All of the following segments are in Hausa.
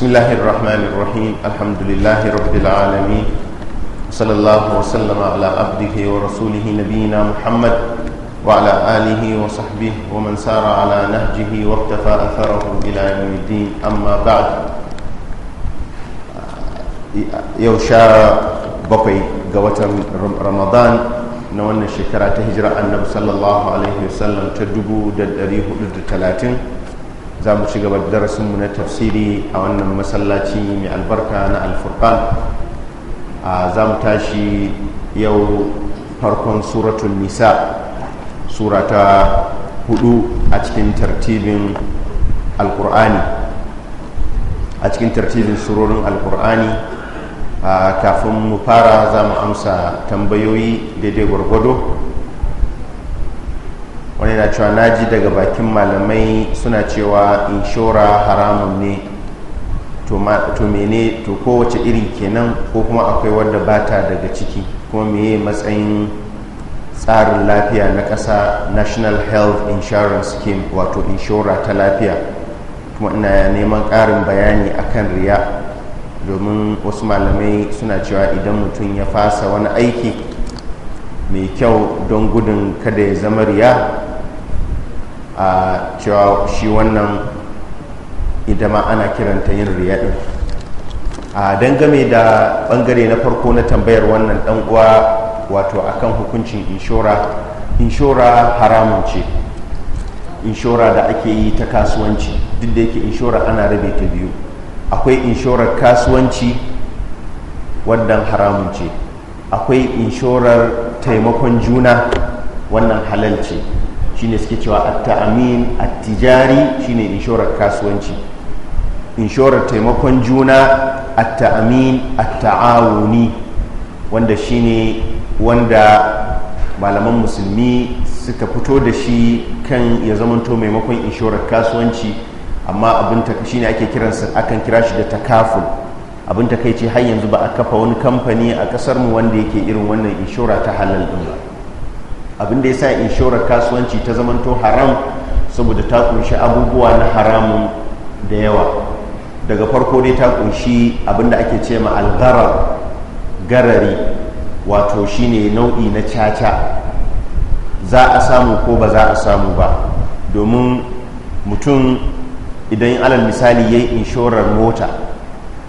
بسم الله الرحمن الرحيم الحمد لله رب العالمين صلى الله وسلم على عبده ورسوله نبينا محمد وعلى آله وصحبه ومن سار على نهجه واقتفى أثره إلى يوم الدين أما بعد يوشا بقي قوة رمضان نوانا الشكرة هجرة النبي صلى الله عليه وسلم تدبو دد أريه دد ثلاثين za mu ci gaba da darasinmu na tafsiri a wannan masallaci mai albarka na alfurkan a za mu tashi yau farkon suratun nisa surata hudu a cikin tartibin alkur'ani a cikin tartibin surorin alkur'ani kafin mu fara za mu amsa tambayoyi daidai gwargwado wani na cewa naji daga bakin malamai suna cewa inshora haramun ne to mene to kowace irin kenan ko kuma akwai wadda bata daga ciki kuma meye matsayin tsarin lafiya na ƙasa national health insurance scheme wato inshora ta lafiya kuma ina neman ƙarin bayani akan riya domin wasu malamai suna cewa idan mutum ya fasa wani aiki mai kyau don gudun kada ya zama riya a cewa shi wannan ita ma ana kiranta yin riyadin a dangame da bangare na farko na tambayar wannan dan uwa wato akan hukuncin inshora inshora haramun ce inshora da ake yi ta kasuwanci duk da yake inshora ana rabe ta biyu akwai inshorar kasuwanci wannan haramun ce akwai inshorar taimakon juna wannan halal ce shine suke cewa at-ta'amin at-tijari shine inshorar kasuwanci inshorar taimakon juna at-ta'amin at-ta'awuni wanda shine wanda malaman musulmi suka fito da shi kan ya zamanto maimakon inshorar kasuwanci amma abin ta shine ake kiransa akan kira shi da takaful abin takaici har yanzu ba a kafa wani kamfani a kasar wanda yake irin wannan inshora ta halal din ba abinda ya sa inshorar kasuwanci ta zamanto haram saboda ta kunshi abubuwa na haramun da yawa daga farko dai ta kunshi abinda ake ce ma algarar garari wato shine nau'i na caca za a samu ko ba za a samu ba domin mutum idan alal misali ya yi inshorar mota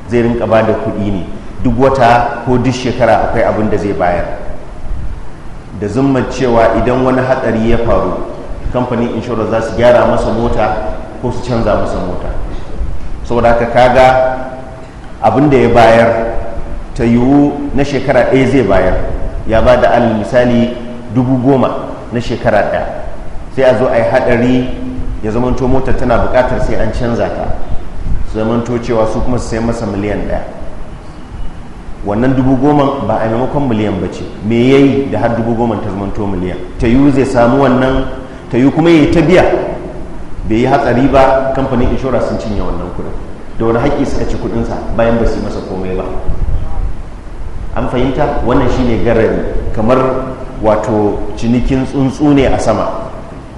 zai rinka ba da kuɗi ne duk wata ko duk shekara akwai abin da zai bayar da zumman cewa idan wani hatsari ya faru kamfanin inshorar za su gyara masa mota ko su canza masa mota saboda haka kaga abin da ya bayar ta yiwu na shekara ɗaya zai bayar ya ba da alal misali dubu goma na shekara ɗaya sai a zo a yi haɗari ya zamanto motar tana buƙatar sai an canza ta zamanto cewa su kuma su sai masa miliyan ɗaya wannan dubu goma ba a maimakon miliyan ba ce me ya yi da har dubu goma ta zamanto miliyan ta yi zai samu wannan ta yi kuma ya yi ta biya bai yi hatsari ba kamfanin inshora sun cinye wannan kudin da wani haƙƙi suka ci kudinsa bayan ba su yi masa komai ba an fahimta wannan shine garari kamar wato cinikin tsuntsu ne a sama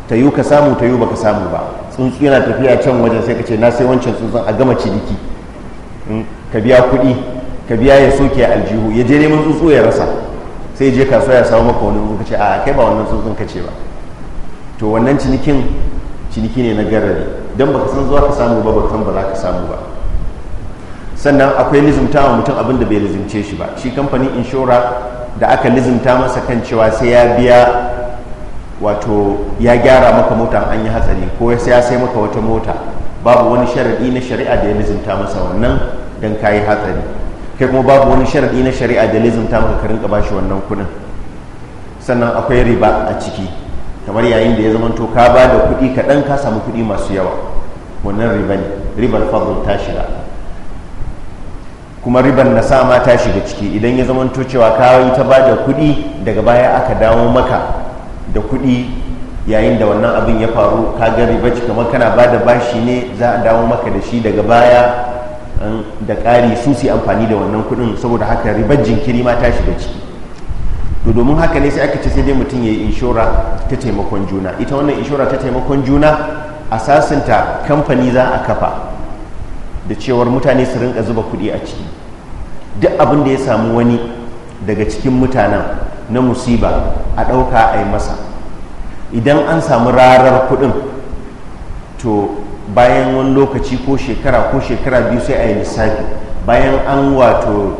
ta yi ka samu ta yi baka samu ba tsuntsu yana tafiya can wajen sai ka ce na sai wancan tsuntsun a gama ciniki hmm? ka biya kuɗi ka biya ya soke aljihu ya je neman tsutsu ya rasa sai je kasuwa ya samu maka wani tsuntsu ce a kai ba wannan ka ce ba to wannan cinikin ciniki ne na garari don baka san zuwa ka samu ba baka san ba za ka samu ba sannan akwai lizimta wa mutum abin da bai lizimce shi ba shi kamfanin inshora da aka lizimta masa kan cewa sai ya biya wato ya gyara maka mota an yi hatsari ko ya sai maka wata mota babu wani sharaɗi na shari'a da ya lizimta masa wannan don kayi hatsari kai kuma babu wani sharaɗi na shari'a da lizimta maka ka ba bashi wannan kuɗin sannan akwai riba a ciki kamar yayin da ya zama to ka ba da kuɗi kaɗan ka samu kuɗi masu yawa wannan riba ne ribar fadl ta shiga kuma ribar na ma ta shiga ciki idan ya zama to cewa ka yi ta ba da kuɗi daga baya aka dawo maka da kuɗi yayin da wannan abin ya faru ka ga riba kamar kana ba da bashi ne za a dawo maka da shi daga baya da ƙari su su amfani da wannan kuɗin saboda haka ribar jinkiri ma ta shiga ciki to domin haka ne sai aka ce sai dai mutum ya yi inshora ta taimakon juna ita wannan inshora ta taimakon juna a sasanta kamfani za a kafa da cewar mutane su rinka zuba kuɗi a ciki duk abin da ya samu wani daga cikin mutanen na musiba a ɗauka a yi masa idan an samu rarar kuɗin to bayan wani lokaci ko shekara ko shekara biyu sai a yi lissafi bayan an wato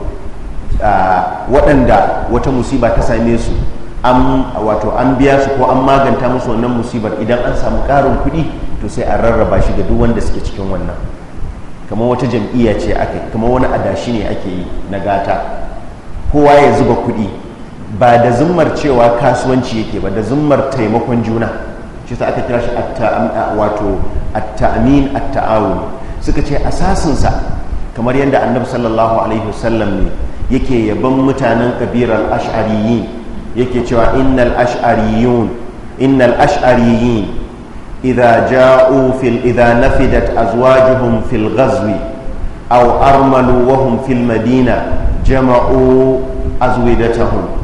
waɗanda wata musiba ta same su an wato an biya su ko an maganta musu wannan musibar idan an samu ƙarin kuɗi to sai a rarraba shi ga duk wanda suke cikin wannan kamar wata jam'iyya ce ake kamar wani adashi ne ake yi na gata kowa ya zuba kuɗi ba da zummar cewa kasuwanci yake ba da zummar taimakon juna shi sa aka kira shi wato at-ta'min at-ta'awun suka ce asasinsa kamar yadda annabi sallallahu alaihi wasallam ne yake yaban mutanen kabirar ash'ariyin yake cewa innal ash'ariyun innal ash'ariyin idza ja'u fil idza nafidat azwajuhum fil ghazwi aw armalu wa hum fil madina jama'u azwidatahum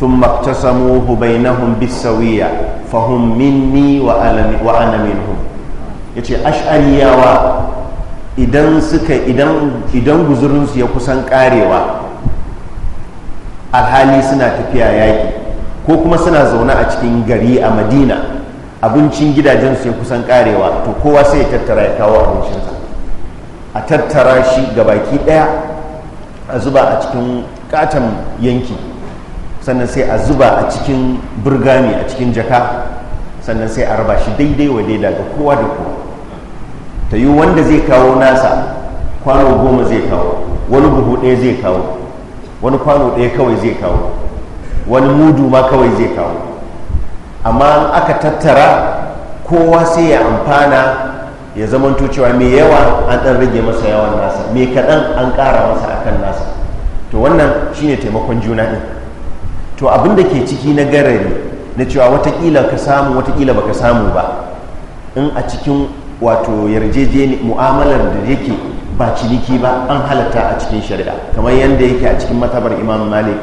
sun اقتسموه بينهم بالسوية فهم مني وأنا منهم yace ash'ariyawa idan suka idan idan guzurinsu ya kusan karewa alhali suna tafiya yaƙi ko kuma suna zaune a cikin gari a madina abincin gidajensu ya kusan karewa to kowa sai ya tattara ya kawo abincinsa a tattara shi ga baki ɗaya a zuba a cikin katon yanki sannan sai a zuba a cikin burgami a cikin jaka sannan sai a raba shi daidai wa daidai ga kowa da kowa ta yi wanda zai kawo nasa kwano goma zai kawo wani buhu ɗaya zai kawo wani kwano ɗaya kawai zai kawo wani mudu ma kawai zai kawo amma aka tattara kowa sai ya amfana ya zama cewa mai yawa an ɗan rage masa yawan nasa mai kaɗan an ƙara masa akan nasa to wannan shine taimakon juna ɗin to abin da ke ciki na garari na cewa watakila ka samu watakila baka samu ba in a cikin wato yarjejeni mu'amalar da yake ba ciniki ba an halatta a cikin shari'a kamar yadda yake a cikin matabar imam malik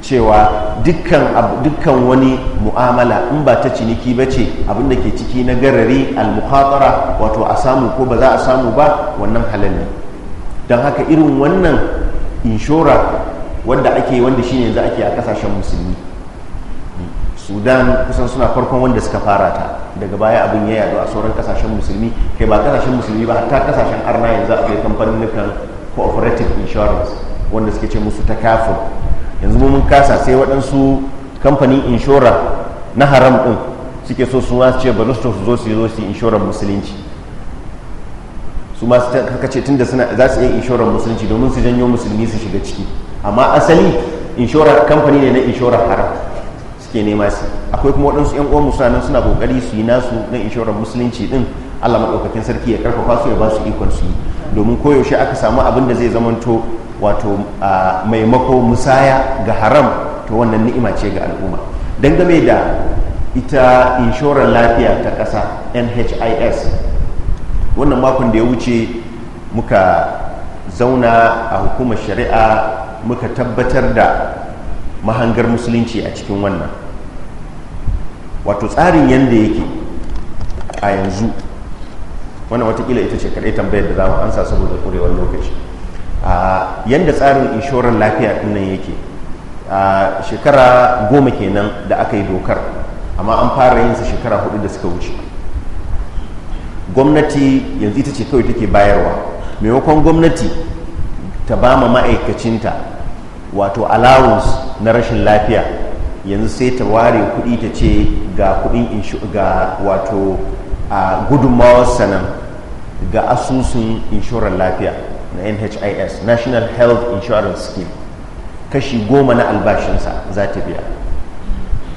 cewa dukkan wani mu'amala in ba ta ciniki ba ce abinda ke ciki na garari al-mukhatara wato a samu ko ba za a samu ba wannan halal ne don haka irin wannan inshora wanda ake wanda shi ne yanzu ake a kasashen musulmi sudan kusan suna farkon wanda suka fara ta daga baya abin ya yado a sauran kasashen musulmi kai ba kasashen musulmi ba hatta kasashen arna yanzu akwai kamfanin cooperative insurance wanda suke ce musu ta kafin yanzu mun kasa sai waɗansu kamfanin inshora na haram ɗin suke so su ce bari su zo su zo su inshorar musulunci su ma su ce tunda da za su iya inshorar musulunci domin su janyo musulmi su shiga ciki amma asali inshorar kamfani ne na inshorar haram suke nema su akwai kuma waɗansu yan uwan musulmanin suna kokari su yi nasu na inshorar musulunci din Allah maɗaukakin sarki ya karfafa su ya ba su ikon su yi domin koyaushe aka samu abin da zai zamanto wato maimako musaya ga haram to wannan ni'ima ce ga al'umma dangane da ita inshorar lafiya ta ƙasa nhis wannan makon da ya wuce muka zauna a hukumar shari'a muka tabbatar da mahangar musulunci a cikin wannan wato tsarin yadda yake a yanzu wannan watakila ita ce kaɗai tambayar da za mu ansa saboda ƙurewar lokaci yadda tsarin inshorar lafiya ɗinnan yake a shekara goma kenan da aka yi dokar amma an fara yin sa shekara hudu da suka wuce gwamnati yanzu ita ce kawai take bayarwa maimakon gwamnati ta ba ma ma'aikacinta wato allowance na rashin lafiya yanzu sai ta ware kuɗi ta ce ga kuɗin ga wato a gudunmawar sanan ga asusun inshorar lafiya na nhis national health insurance scheme kashi goma na albashinsa za ta biya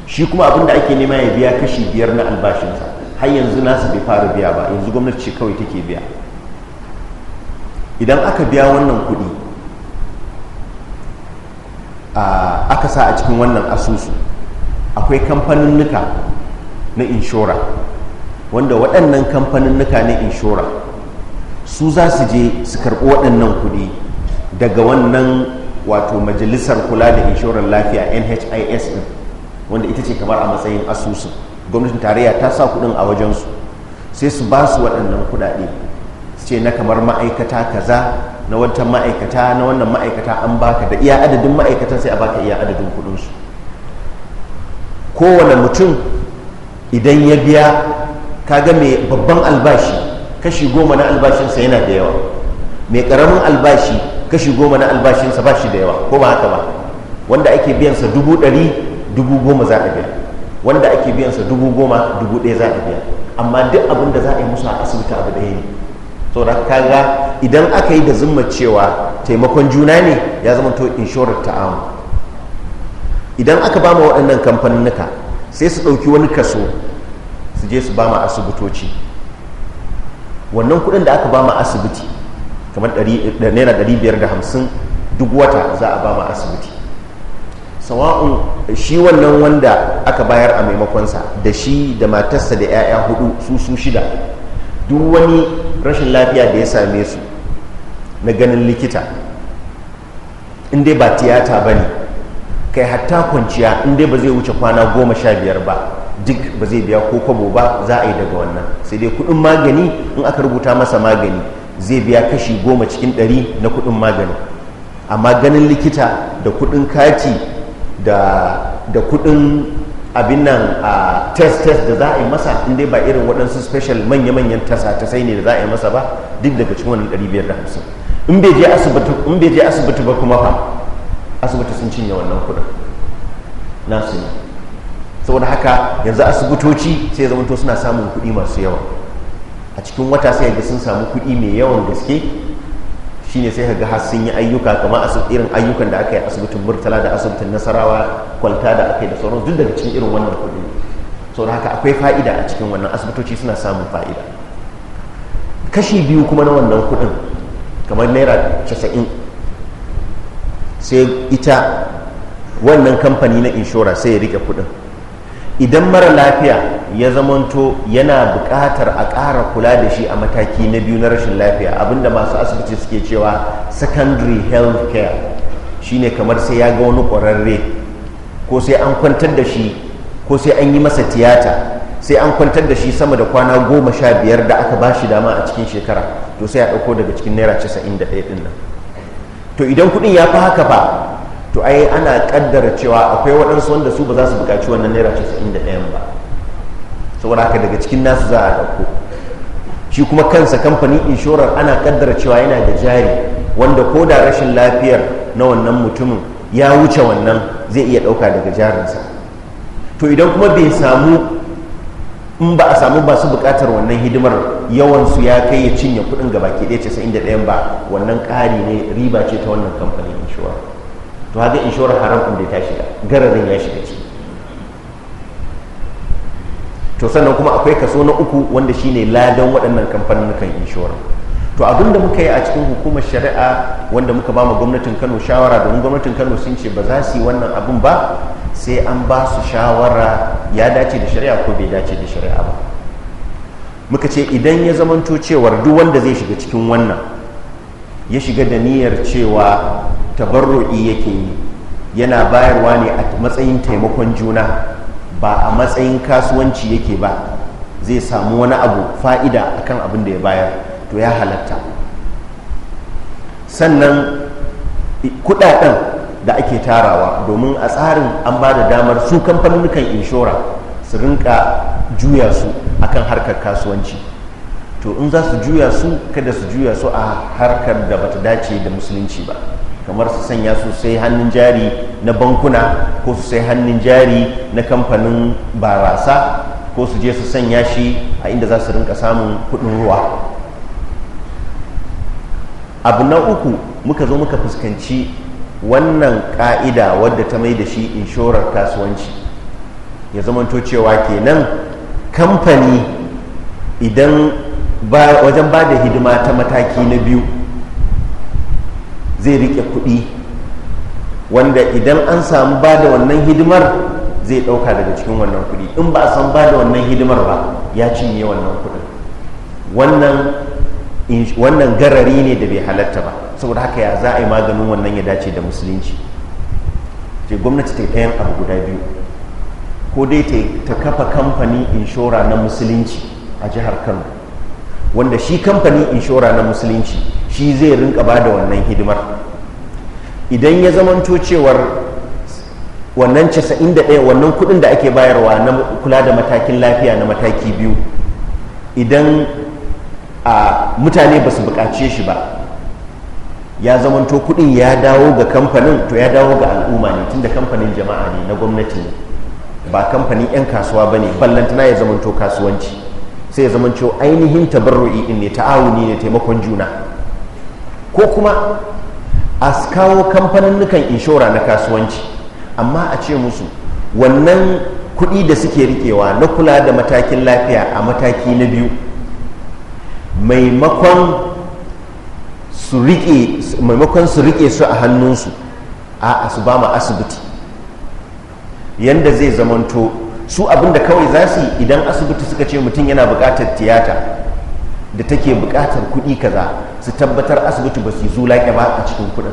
shi kuma abinda ake nema ya biya kashi biyar na albashinsa har yanzu nasu bai fara biya ba yanzu gwamnati ce kawai take biya idan aka biya wannan kuɗi aka sa a cikin wannan asusu akwai kamfanin nuka na inshora wanda waɗannan kamfanin nuka na inshora su za su je su karɓi waɗannan kuɗi daga wannan wato majalisar kula da inshorar lafiya nhis ɗin wanda ita ce kamar a matsayin asusun gwamnatin tarayya ta sa kuɗin a wajensu sai su ba su waɗannan kuɗaɗe su ce na kamar ma'aikata kaza na wata ma'aikata na wannan ma'aikata an baka da iya adadin ma'aikata sai a baka iya adadin kudinsu kowane mutum idan ya biya kaga mai babban albashi kashi goma na albashinsa yana da yawa mai karamin albashi kashi goma na albashinsa ba shi da yawa ko ba haka ba wanda ake biyansa dubu ɗari dubu goma za a biya wanda ake biyansa dubu goma dubu ɗaya za a biya amma duk abin da za a yi musu a asibiti abu ɗaya ne tsoron kaga idan aka yi da zumma cewa taimakon juna ne ya zama to inshorar ta'amu idan aka ba ma waɗannan kamfaninnuka sai su ɗauki wani kaso su je su ba ma asibitoci wannan kuɗin da aka ba ma asibiti kamar naira 550 duk wata za a ba ma asibiti sawa'un shi wannan wanda aka bayar a maimakonsa da shi da matarsa da 'ya'ya hudu su su shida duk wani rashin lafiya da ya same su na ganin likita in dai ba tiyata ba ne kai hatta kwanciya in dai ba zai wuce kwana goma sha biyar ba duk ba zai biya ko kwabo ba za a yi daga wannan sai dai kudin magani in aka rubuta masa magani zai biya kashi goma cikin ɗari na kudin magani amma ganin likita da kudin kati da kudin abin nan a test test da za a yi masa in ba irin waɗansu special manya-manyan tasa ta sai ne da za a yi masa ba duk daga cikin wannan hamsin, in bai je asibiti ba kuma fa asibiti sun cinye wannan kuɗin nasu ne saboda haka yanzu asibitoci sai zama to suna samun kuɗi masu yawa a cikin wata sai ga sun samu kuɗi mai yawan gaske shi ne sai ka ga har yi ayyuka kamar irin ayyukan da aka yi asibitin murtala da asibitin nasarawa kwalta da aka yi da sauran duk daga cikin irin wannan kudi so da haka akwai fa'ida a cikin wannan asibitoci suna samun fa'ida kashi biyu kuma na wannan kudin kamar naira casa'in sai ita wannan kamfani na inshora sai ya rike kudin idan mara lafiya ya zamanto yana buƙatar a ƙara kula da shi a mataki na biyu na rashin lafiya abinda masu asibiti suke cewa secondary health care shine kamar sai ya ga wani ƙwararre ko sai an kwantar da shi ko sai an yi masa tiyata sai an kwantar da shi sama da kwana goma sha biyar da aka ba shi dama a cikin shekara to sai a ɗauko daga cikin naira casa'in da ɗaya ɗin nan to idan kuɗin ya fi haka fa to ai ana kaddara cewa akwai waɗansu wanda su ba za su buƙaci wannan naira casa'in inda ɗayan ba saboda haka daga cikin nasu za a ɗauko shi kuma kansa kamfanin inshorar ana kaddara cewa yana da jari wanda ko da rashin lafiyar na wannan mutumin ya wuce wannan zai iya ɗauka daga jarinsa to idan kuma bai samu in ba a samu ba su buƙatar wannan hidimar yawansu ya kai ya cinye kuɗin gaba ke ɗaya casa'in da ba wannan ƙari ne riba ce ta wannan kamfanin inshorar to haka inshorar haram ɗin da ta shiga gararin ya shiga ciki to sannan kuma akwai kaso na uku wanda shine ladan waɗannan kamfanin kan inshorar to abin da muka yi a cikin hukumar shari'a wanda muka ba mu gwamnatin kano shawara domin gwamnatin kano sun ce ba za su yi wannan abin ba sai an ba su shawara ya dace da shari'a ko bai dace da shari'a ba muka ce idan ya zamanto cewar duk wanda zai shiga cikin wannan ya shiga da niyyar cewa tabarru'i yake yi yana bayarwa ne a matsayin taimakon juna ba a matsayin kasuwanci yake ba zai samu wani abu fa'ida kan abin da ya bayar to ya halatta sannan kudaden da ake tarawa domin a tsarin an ba da damar su kan inshora su rinka juya su akan harkar kasuwanci to in za su juya su kada su juya su a harkar da bata dace da musulunci ba kamar su sanya su sai hannun jari na bankuna ko su sai hannun jari na kamfanin barasa ko su je su sanya shi a inda za su rinka samun kudin ruwa abu na uku muka zo muka fuskanci wannan ka'ida wadda ta mai da shi inshorar kasuwanci ya zamanto cewa kenan kamfani idan wajen ba da hidima ta mataki na biyu zai rike kuɗi wanda idan an samu ba da wannan hidimar zai ɗauka daga cikin wannan kuɗi in ba a san ba da wannan hidimar ba ya cinye wannan kuɗin wannan garari ne da bai halatta ba saboda haka ya za a yi maganin wannan ya dace da musulunci ce gwamnati ta ɗayan abu guda biyu ko dai ta kafa kamfani inshora na musulunci a jihar kano wanda shi kamfani inshora na musulunci shi zai rinka ba da wannan hidimar idan ya zamanto cewar wannan 91 wannan kudin da ake bayarwa na kula da matakin lafiya na mataki biyu idan a mutane ba su bukace shi ba ya zamanto kudin ya dawo ga kamfanin to ya dawo ga al'umma ne tunda kamfanin jama'a ne na gwamnati ne ba kamfanin 'yan kasuwa ba ne ballantana ya zamanto kasuwanci sai ya zamanto ainihin tabarru'i in ne ta'awuni ne taimakon juna ko kuma a kawo kamfaninnukan inshora na kasuwanci amma a ce musu wannan kuɗi da suke rikewa na kula da matakin lafiya a mataki na biyu maimakon su rike su a hannunsu a su ba ma asibiti yadda zai zamanto su abinda kawai za su idan asibiti suka ce mutum yana buƙatar tiyata da take bukatar kuɗi kaza su tabbatar asibiti ba su yi laƙe ba a cikin kuɗin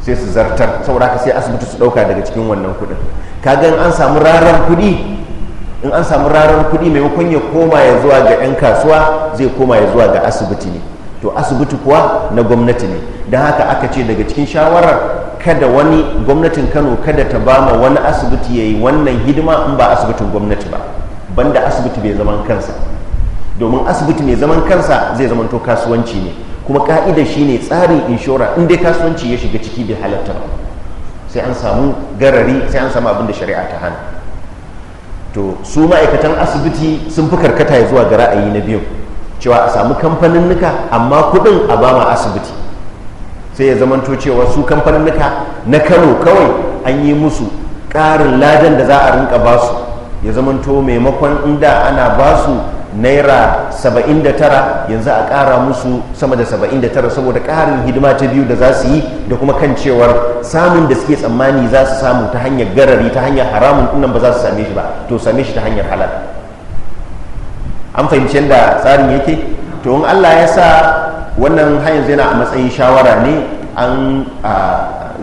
sai su zartar saboda ka sai asibiti su ɗauka daga cikin wannan kuɗin kaga in an samu rarar kuɗi in an samu rarar maimakon ya koma ya zuwa ga 'yan kasuwa zai koma ya zuwa ga asibiti ne to asibiti kuwa na gwamnati ne don haka aka ce daga cikin shawarar kada wani gwamnatin kano kada ta ba ma wani asibiti ya yi wannan hidima in ba asibitin gwamnati ba banda asibiti bai zaman kansa domin asibiti mai zaman kansa zai zamanto kasuwanci ne kuma ka'ida shine tsarin inshora inda ya kasuwanci ya shiga ciki bai halatta sai an samu garari sai an samu abin da shari'a ta hana to su ma'aikatan asibiti sun fi karkata ya zuwa ga ra'ayi na biyu cewa a samu kamfanin nuka amma kudin a bama asibiti sai ya zamanto cewa su kamfanin nuka na kano kawai an yi musu ƙarin ladan da za a rinka basu ya zamanto maimakon inda ana basu naira 79 yanzu a kara musu sama da 79 saboda karin hidima ta biyu da za su yi da kuma kan cewar samun da suke tsammani za su samu ta hanyar garari ta hanyar haramun ɗinnan ba za su same shi ba to same shi ta hanyar halal an fahimci yadda tsarin yake to in allah ya sa wannan hayan yana a matsayin shawara ne an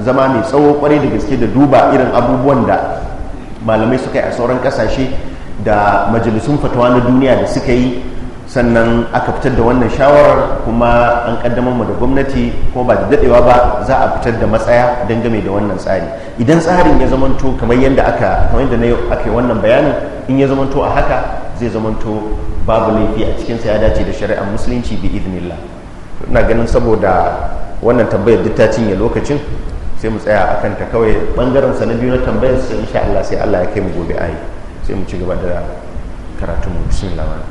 zama mai tsawo kwarai da gaske da duba irin abubuwan da malamai suka yi a sauran ƙasashe da majalisun fatawa na duniya da suka yi sannan aka fitar da wannan shawarar kuma an kaddamar mu da gwamnati ko ba da dadewa ba za a fitar da matsaya dangane da wannan tsari idan tsarin ya zamanto kamar yadda aka kamar yadda aka wannan bayanin in ya zamanto a haka zai zamanto babu laifi a cikin sa ya dace da shari'ar musulunci bi idnillah ina ganin saboda wannan tambayar duk ta cinye lokacin sai mu tsaya akan ta kawai bangaren sa na na tambayar sai insha Allah sai Allah ya kai mu gobe ayi sai mu ci gaba da karatun musulun lawan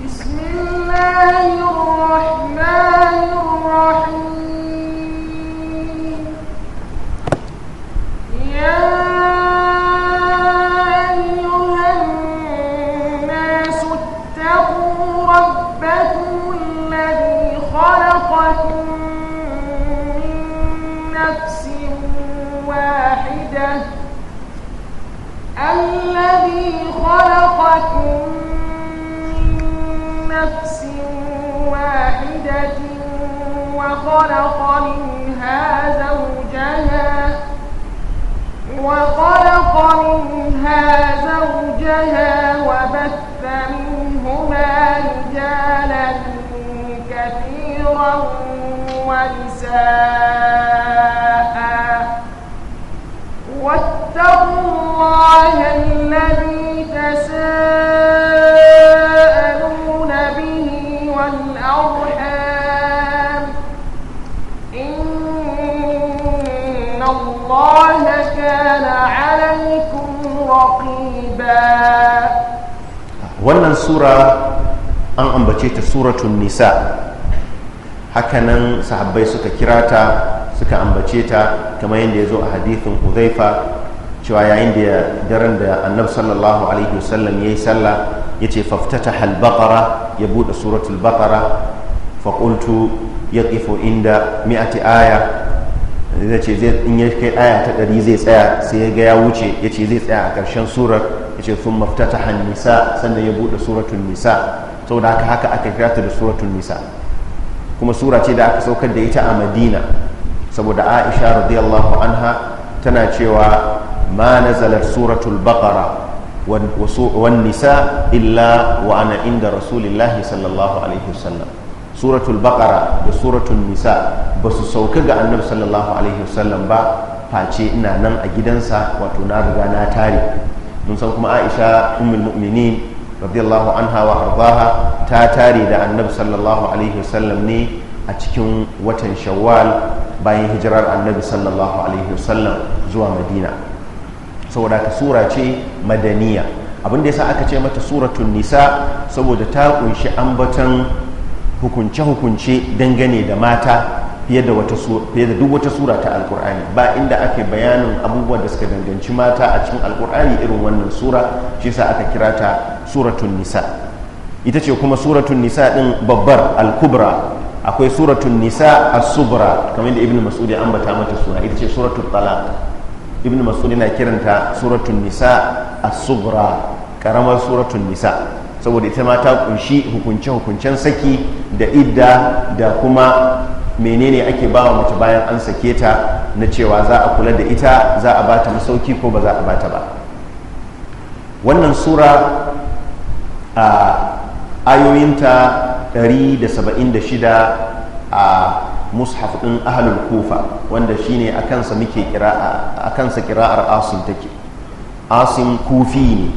Bismillahirrahmanirrahim. العزة الذي خلقكم من نفس واحدة وخلق منها زوجها وخلق منها زوجها وبث منهما رجالا كثيرا ونساء واتقوا الله الذي تساءلون wannan sura an ambace ta suratun nisa hakanan sahabbai suka kirata suka ambace ta kamar yadda ya zo a hadithin huzaifa cewa yayin da daren da annab sallallahu alaihi wasallam ya yi sallah ya ce faftata halbakara ya buɗe suratul bakara faƙultu ya ƙifo inda mi'ati aya zai ce in ya kai aya ta ɗari zai tsaya sai ya ga ya wuce ya ce zai tsaya a ƙarshen surar ya ce sun maftata hannisa sannan ya buɗe suratun nisa saboda haka haka aka kira ta da suratun nisa kuma sura ce da aka saukar da ita a madina saboda aisha radiyallahu anha tana cewa ma nazalar suratul baqara wan nisa illa wa ana inda rasulillahi sallallahu alaihi wasallam suratul baqara da suratul nisa ba su sauka ga annabi sallallahu alaihi wasallam ba face ina nan a gidansa wato na riga na tare mun san kuma aisha ummul mu'minin radiyallahu anha wa ardaha ta tare da annabi sallallahu alaihi wasallam ne a cikin watan shawwal bayan hijirar annabi sallallahu alaihi wasallam zuwa madina saboda ka sura ce madaniya abinda sa aka ce mata suratun nisa saboda ta kunshi ambaton hukunce-hukunce dangane da mata fiye da duk wata sura ta alkur'ani ba inda ake bayanin abubuwan da suka danganci mata a cikin alkur'ani irin wannan sura shi sa aka kira ta suratun nisa ita ce kuma suratun nisa din babbar alkubra akwai suratun nisa a subra kamar da ibn masudi an bata mata suna ita ce suratun tsala ibn mas'ud na kiranta suratun nisa a subra karamar suratun nisa saboda ita ma ta kunshi hukunce hukuncen saki da idda da kuma menene ake ba wa mace bayan an sake ta na cewa za a kula da ita za a bata masauki ko ba za a bata ba wannan sura a ayoyinta 176 a mushaf ɗin ahalul kufa wanda shine a kansa muke a kansa kira'ar asim take asim kufi ne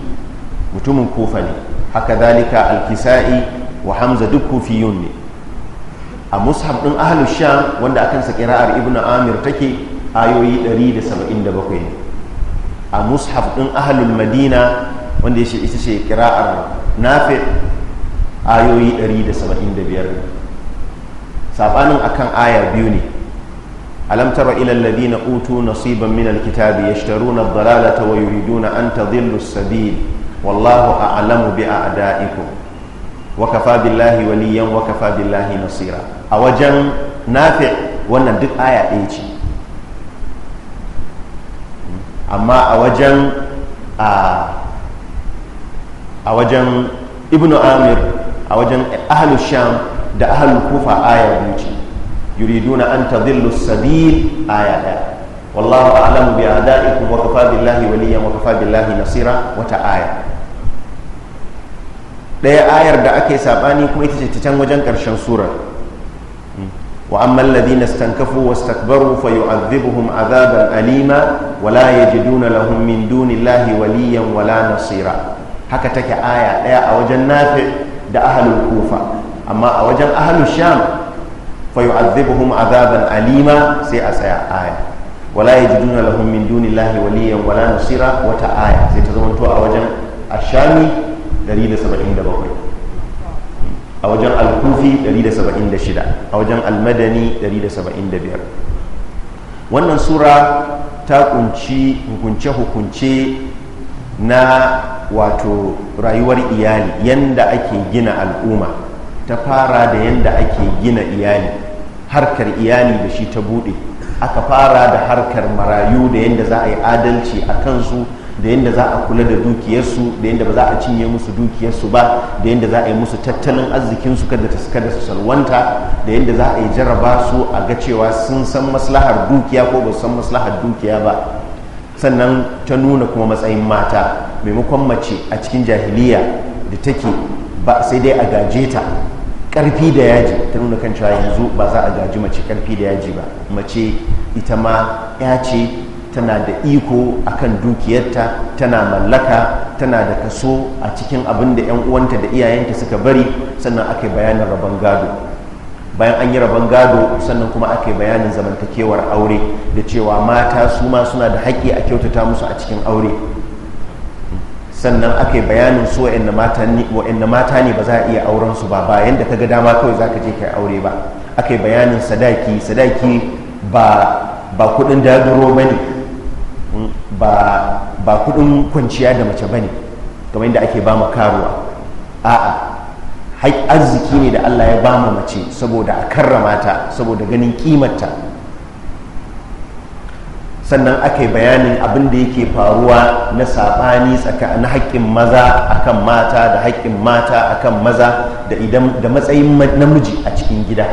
mutumin kufa ne haka dalika alkisa'i wa hamza duk kufiyun ne a mushaf ɗin ahalul sham wanda a kansa kira'ar ibnu amir take ayoyi 177 ne a mushaf ɗin ahalul madina wanda ya ce ita ce kira'ar nafi ayoyi 175 sabanin akan aya biyu ne alam tara ila alladhina utu nasiban min alkitabi yashtaruna ad-dalalata wa yuriduna an tadhillu as-sabil wallahu a'lamu bi a'da'ikum wa kafa billahi waliyan wa kafa billahi nasira a wajen nafi wannan duk aya ɗaya ce amma a wajen a wajen ibnu amir a wajen ahlu sham da ahlu kufa aya biyu yuriduna an tadillu sabil aya daya wallahu a'lamu bi a'da'ikum wa kafa billahi waliyan wa kafa billahi nasira wata aya daya ayar da ake sabani kuma ita ce ta can wajen karshen surar wa ammal ladina stankafu wastakbaru fayu'adhibuhum 'adaban alima wa la yajiduna lahum min dunillahi waliyan wala nasira haka take aya daya a wajen nafi' da ahalin kufa amma a wajen ahalin sham fa yu'adhibuhum azaban alima sai a tsaya aya wala yajiduna lahum min dunillahi waliyan wala nasira wata aya sai ta zama to a wajen ashami 177 a wajen alkufi 176 a wajen almadani 175 wannan sura ta kunci hukunce-hukunce na wato rayuwar iyali yanda ake gina al'umma ta fara da yanda ake gina iyali harkar iyali da shi ta bude aka fara da harkar marayu da yanda za a yi adalci a kansu da yadda za a kula da dukiyarsu da yadda ba za a cinye musu dukiyarsu ba da yadda za a yi musu tattalin arzikinsu kada ta kada su salwanta da yadda za a yi jarraba su a ga cewa sun san maslahar dukiya ko ba san maslahar dukiya ba sannan ta nuna kuma matsayin mata maimakon mace a cikin jahiliya da take ba sai dai a gaje ta karfi da yaji ta nuna kan cewa yanzu ba za a gaji mace karfi da yaji ba mace ita ma ya ce tana da iko a kan dukiyarta tana mallaka tana da kaso a cikin abin da 'yan uwanta da iyayenta suka bari sannan aka yi bayanin rabon gado bayan an yi rabon gado sannan kuma aka yi bayanin zamantakewar aure da cewa mata su ma suna da haƙƙi a kyautata musu a cikin aure sannan aka yi bayanin so wa'anda mata ne ba za a iya auren su ba bayan da ka ga dama kawai za ka je kai aure ba aka yi bayanin sadaki sadaki ba kuɗin kudin dagaro ba ne mm, ba kudin kwanciya da mace ba ne kamar yadda ake ba mu karuwa a'a arziki ne da Allah ya bamu mace saboda a karrama ta saboda ganin kimarta sannan aka yi bayanin abin da yake faruwa na saɓani na haƙƙin maza akan mata da haƙƙin mata akan maza da idan da matsayin namiji a cikin gida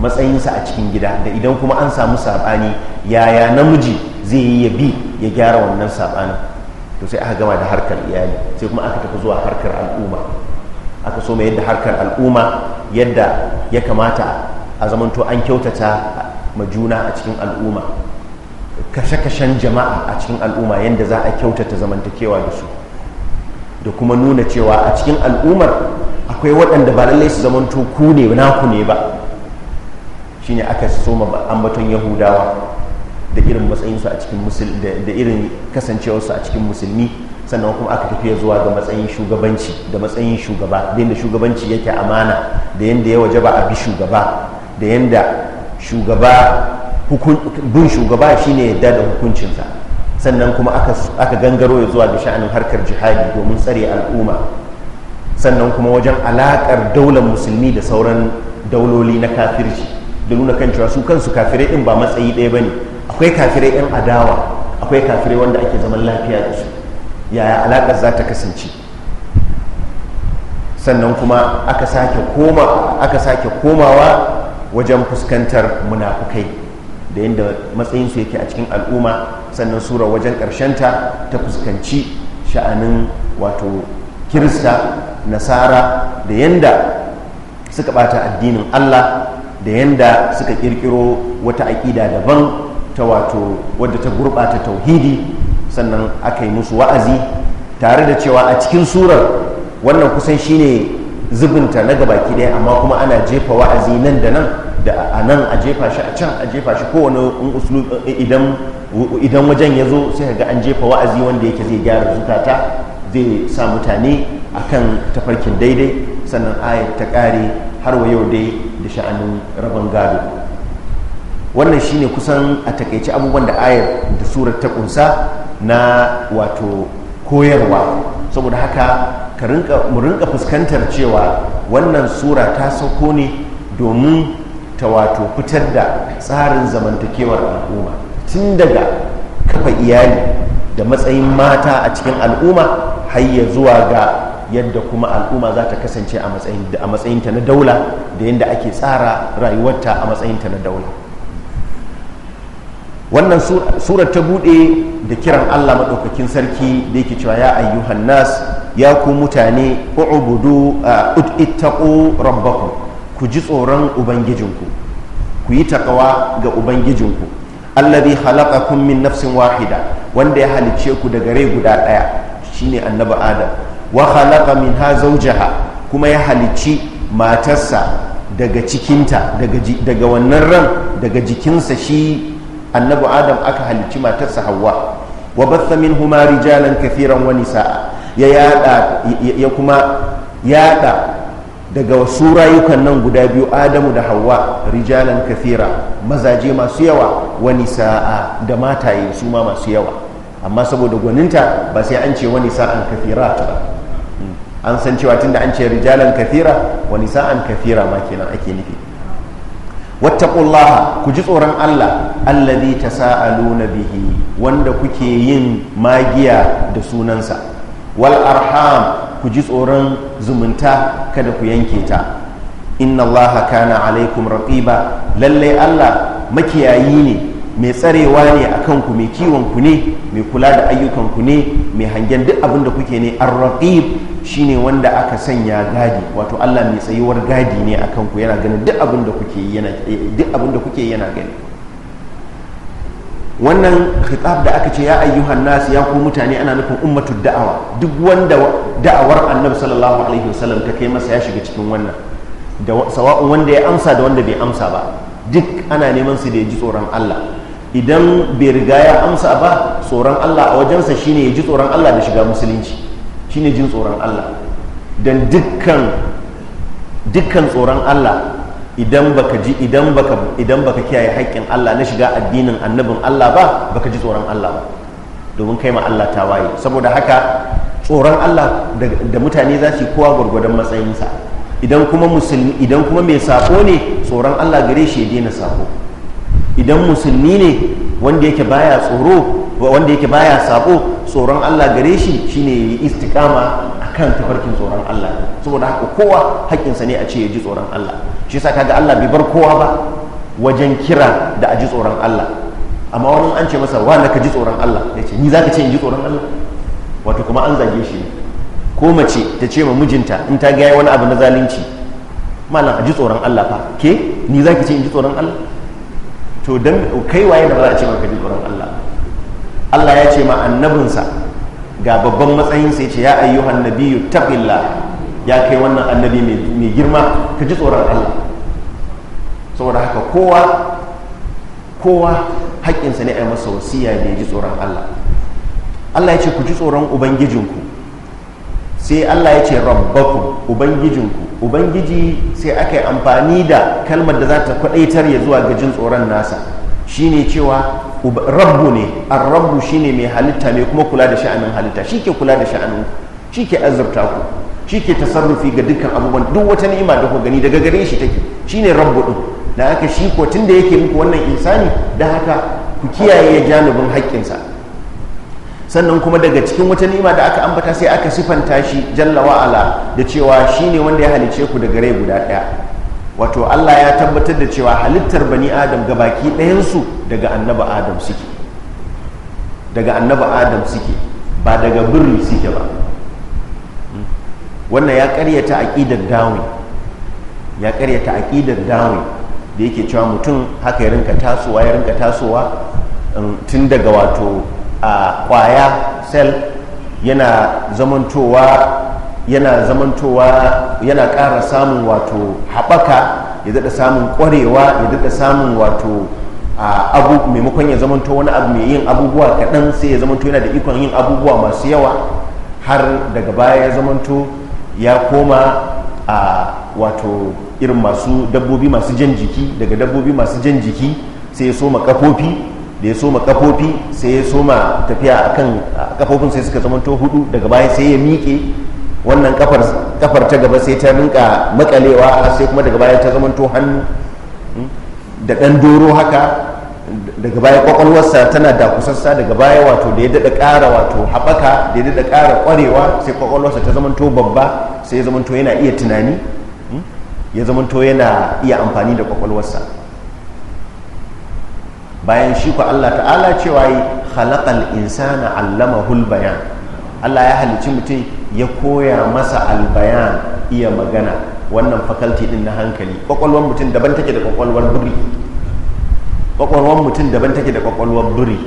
matsayinsa a cikin gida da idan kuma an samu saɓani yaya namiji zai yi ya bi ya gyara wannan saɓanin to sai aka gama da harkar iyali sai kuma aka tafi zuwa harkar al'umma aka so mai yadda harkar al'umma yadda ya kamata a zamanto an kyautata majuna a cikin al'umma kashe-kashen jama'a a cikin al'umma yadda za a kyautata zamantakewa da su da kuma nuna cewa a cikin al'ummar akwai waɗanda ba lallai su zamanto ku ne naku ne ba shine aka soma ambaton yahudawa da irin matsayinsu a cikin musulmi da irin kasancewarsu a cikin musulmi sannan kuma aka tafiya zuwa ga matsayin shugabanci da matsayin shugaba da yadda shugabanci yake amana da yadda ya ba a bi shugaba da yadda shugaba bin shugaba shine yadda da hukuncinsa sannan kuma aka gangaro ya zuwa ga sha'anin harkar jihadi domin tsare al'umma sannan kuma wajen alaƙar daular musulmi da sauran dauloli na kafirci da nuna kan cewa su kansu kafirai din ba matsayi ɗaya ba ne akwai kafirai 'yan adawa akwai kafirai wanda ake zaman lafiya da su yaya alaƙar za ta kasance sannan kuma aka sake koma aka sake komawa wajen fuskantar munafukai da yadda su yake a cikin al'umma sannan sura wajen ƙarshenta ta fuskanci sha'anin wato kirista nasara da yadda suka bata addinin allah da yadda suka ƙirƙiro wata aƙida daban ta wato wadda ta gurɓata tauhidi sannan aka yi musu wa'azi tare da cewa a cikin surar wannan kusan shine zubinta na gaba ɗaya amma kuma ana jefa wa'azi nan da nan da a nan a jefa shi a can a jefa shi kowane idan wajen ya zo sai ga an jefa wa'azi wanda yake zai gyara zukata zai sa mutane a kan tafarkin daidai sannan ayat ta ƙare har wa yau dai da sha'anin rabon gado wannan shine kusan a takaici abubuwan da ayar da surar ta kunsa na wato koyarwa saboda haka mu rinka fuskantar cewa wannan sura ta sauko ne domin ta wato fitar da tsarin zamantakewar al'umma tun daga kafa iyali da matsayin mata a cikin al'umma har zuwa ga yadda kuma al'umma za ta kasance a matsayinta na daula da yadda ake tsara rayuwarta a matsayinta na daula wannan surar ta bude da kiran Allah maɗaukakin sarki da yake cewa ya ayyuhan nas ya ku mutane ubudu ittaqu rabbakum ku ji tsoron ubangijinku ku yi takawa ga ubangijinku allazi khalaqakum min nafsin wahida wanda ya halice ku daga rai guda daya shine annabi adam wa khalaqa minha zawjaha kuma ya halici matarsa daga cikinta daga wannan ran daga jikinsa shi annabi adam aka halicci matarsa hawa wa batha huma rijalan kathiran wa ya yada ya kuma yada daga wasu rayukan nan guda biyu adamu da hawa rijalan kafira mazaje masu yawa wani sa'a da mataye su ma masu yawa amma saboda gwaninta ba sai an ce wani sa'an kathira ba hmm. an san cewa tunda an ce rijalan kafira wani sa'an kathira ma kenan ake nufi wattaqullaha ku ji tsoron Allah ta allazi tasaaluna bihi wanda kuke yin magiya da sunansa wal arham ku ji tsoron zumunta kada ku yanke ta inna allaha kana alaikum raqiba lallai Allah makiyayi ne mai tsarewa ne a kanku mai kiwon ku ne mai kula da ayyukan ku ne mai hangen duk abin da kuke ne ar-raqib shine wanda aka sanya gadi wato Allah mai tsayuwar gadi ne a kanku yana ganin duk abin da kuke yana eh, yana gani wannan khitab da aka ce ya ayyuhan nas ya ku mutane ana nufin ummatu da'awa duk wanda da'awar annabi sallallahu alaihi wasallam ta kai masa ya shiga cikin wannan da sawa'un wanda ya amsa da wanda bai amsa ba duk ana neman su da ya ji tsoron Allah idan bai riga ya amsa ba tsoron Allah a wajensa shine ya ji tsoron Allah da shiga musulunci ne jin tsoron Allah dan dukkan tsoron Allah idan baka ji idan baka idan kiyaye haƙƙin Allah na shiga addinin annabin Allah ba baka ji tsoron Allah ba domin kai ma Allah ta waye, saboda haka tsoron Allah da mutane za su yi kowa gwargwadon matsayinsa idan kuma musulmi idan kuma mai sako ne tsoron Allah gare shi ya daina sako idan musulmi ne wanda yake baya tsoro wanda yake baya sabo tsoron Allah gare shi shine istikama istiqama akan tafarkin tsoron Allah saboda haka kowa haƙƙinsa ne a ce ya ji tsoron Allah shi yasa kaga Allah bai bar kowa ba wajen kira da a ji tsoron Allah amma wani an ce masa wa ka ji tsoron Allah ya ce ni za ka ce in ji tsoron Allah wato kuma an zage shi ko mace ta ce ma mijinta in ta gaya wani abu na zalunci malam a ji tsoron Allah fa ke ni za ki ce in ji tsoron Allah to dan kai waye da ba za a ce maka ji tsoron Allah Allah ya ce ma annabinsa ga babban matsayinsa ya ce ya ayyuhan nabiyyu taqillah ya kai wannan annabi mai girma ka ji tsoron Allah saboda haka kowa kowa haƙƙinsa ne a masa wasiya da ya ji tsoron Allah Allah ya ce ku ji tsoron ubangijinku sai Allah ya ce rabbaku ubangijinku ubangiji sai aka yi amfani da kalmar da za ta kwaɗaitar ya zuwa ga jin tsoron nasa shine cewa rabbu ne ar-rabbu shine mai halitta mai kuma kula da sha'anin halitta shike kula da sha'anin shike azurta ku shike tasarrufi ga dukkan abubuwan duk wata ni'ima da ku gani daga gare shi take shine rabbu ɗin. da aka shi ko tunda yake muku wannan insani da haka ku kiyaye janibin haƙƙinsa sannan kuma daga cikin wata ni'ima da aka ambata sai aka sifanta shi jalla wa'ala da cewa shi ne wanda ya halice ku daga rai guda ɗaya wato Allah ya tabbatar da cewa halittar bani adam ga baki ɗayansu daga annaba adam suke daga annaba adam suke ba daga birni suke ba wannan ya karyata aƙidar dawin ya karyata aƙidar dawin da yake cewa mutum haka ya rinka tasowa ya rinka tasowa um, tun daga wato a kwaya sel yana zamantowa yana zamantowa yana ƙara samun wato haɓaka ya daɗa samun ƙwarewa ya daɗa samun wato abu maimakon ya zamanto wani abu mai yin abubuwa kaɗan sai ya zamanto yana da ikon yin abubuwa masu yawa har daga baya ya zamanto ya koma a wato irin masu dabbobi masu jan jiki daga dabbobi masu jan jiki sai ya soma kafofi da ya soma kafofi sai ya soma tafiya akan kafofin sai suka zamanto hudu daga baya sai ya miƙe wannan kafar ta gaba sai ta rinka makalewa sai kuma daga baya ta zamanto hannu hmm, da ɗan doro haka daga baya kwakwalwarsa tana dakusassa daga baya wato da ya daɗa ƙara wato haɓaka da ya daɗa ƙara ƙwarewa sai kwakwalwarsa ta zamanto babba sai ya zamanto yana iya tunani hmm, ya zamanto yana iya amfani da kwakwalwarsa bayan shi ku Allah ta'ala cewa yi halakal insana allama bayan Allah ya halicci mutum ya koya masa albayan iya magana wannan faculty din na hankali kwakwalwar mutum daban take da kwakwalwar buri kwakwalwar mutum daban take da kwakwalwar buri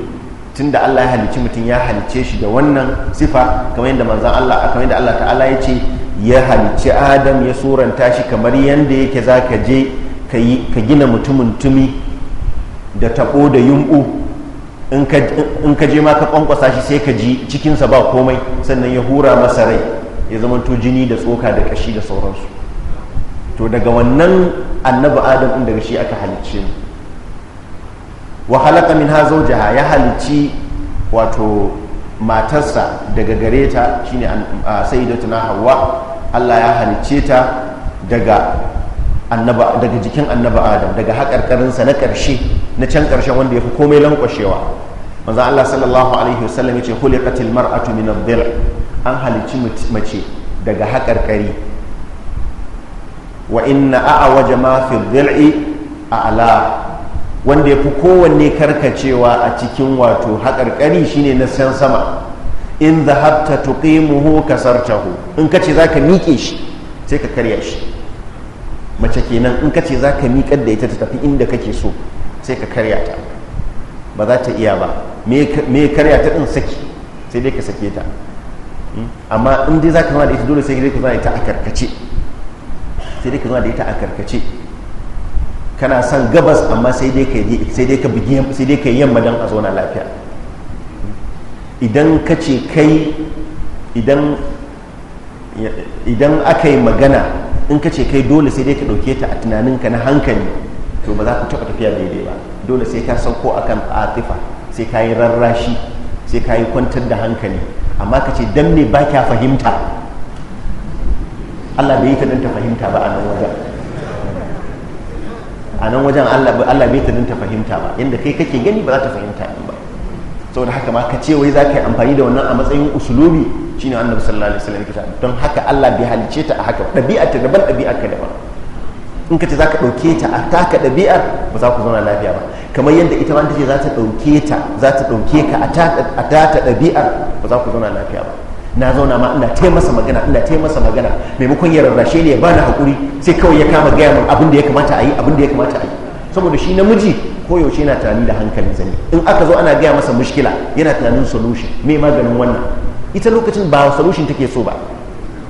da Allah ya halicci mutum ya halicce shi da wannan sifa kamar yadda manzan Allah kamar yadda Allah ta'ala ya ce ya halicci Adam ya suranta shi kamar yadda yake za ka je ka gina mutumin tumi da taɓo da yumbu in ka je ma ka kwankwasa shi sai ka ji cikinsa ba komai sannan ya hura masa rai ya zamanto jini da tsoka da ƙashi da sauransu to daga wannan annabi adam ɗin daga shi aka halicce mu wa halaka min hazo jaha ya halicci wato matarsa daga gare ta shine sayyidatuna hawa Allah ya halicce ta daga daga jikin annaba adam daga haƙarƙarinsa na ƙarshe na can ƙarshen wanda ya fi komai lankwashewa manzan allah sallallahu alaihi wasallam ya ce mar'atu min ad an halici mace daga haƙarƙari wa inna waje ma fi dhil'i a'la wanda ya fi kowanne karkacewa a cikin wato haƙarƙari shine na san sama in zahabta tuqimuhu kasartahu in kace zaka miƙe shi sai ka karya shi mace kenan in kace za ka miƙar da ita ta tafi inda kake so sai ka karya ta ba za ta iya ba me karya ta ɗin saki sai dai ka sake ta hmm? amma in dai za ka ma da ita dole sai dai ka zama da ita a karkace sai dai ka zama da ita a karkace kana son gabas amma sai dai ka yi sai dai ka bugi sai dai ka yi yamma don a zauna lafiya idan ka ce kai idan idan aka yi magana in ka ce kai dole sai dai ka ɗauke ta a tunaninka na hankali to ba za ku taɓa tafiya daidai ba dole sai ka sauko akan atifa sai ka yi rarrashi sai ka yi kwantar da hankali amma ka ce dan ne ba kya fahimta Allah bai yi ta dan ta fahimta ba a nan wajen a nan wajen Allah bai ta dan ta fahimta ba yadda kai kake gani ba za ta fahimta ba saboda haka ma ka ce wai za ka yi amfani da wannan a matsayin usulobi shine annabi sallallahu alaihi wasallam yake don haka Allah bai halice ta a haka dabi'a ta daban dabi'a ka daban in ka ce zaka dauke ta a taka dabi'ar ba za ku zauna lafiya ba kamar yadda ita ma take za ta dauke ta za ta dauke ka a taka dabi'ar ba za ku zauna lafiya ba na zauna ma ina taya masa magana ina taya masa magana maimakon ya rarrashe ne ya bani hakuri sai kawai ya kama gaya min abin da ya kamata a yi abin da ya kamata a yi saboda shi namiji koyaushe yana tunani da hankali zane in aka zo ana gaya masa mushkila yana tunanin solution me maganin wannan ita lokacin ba solution take so ba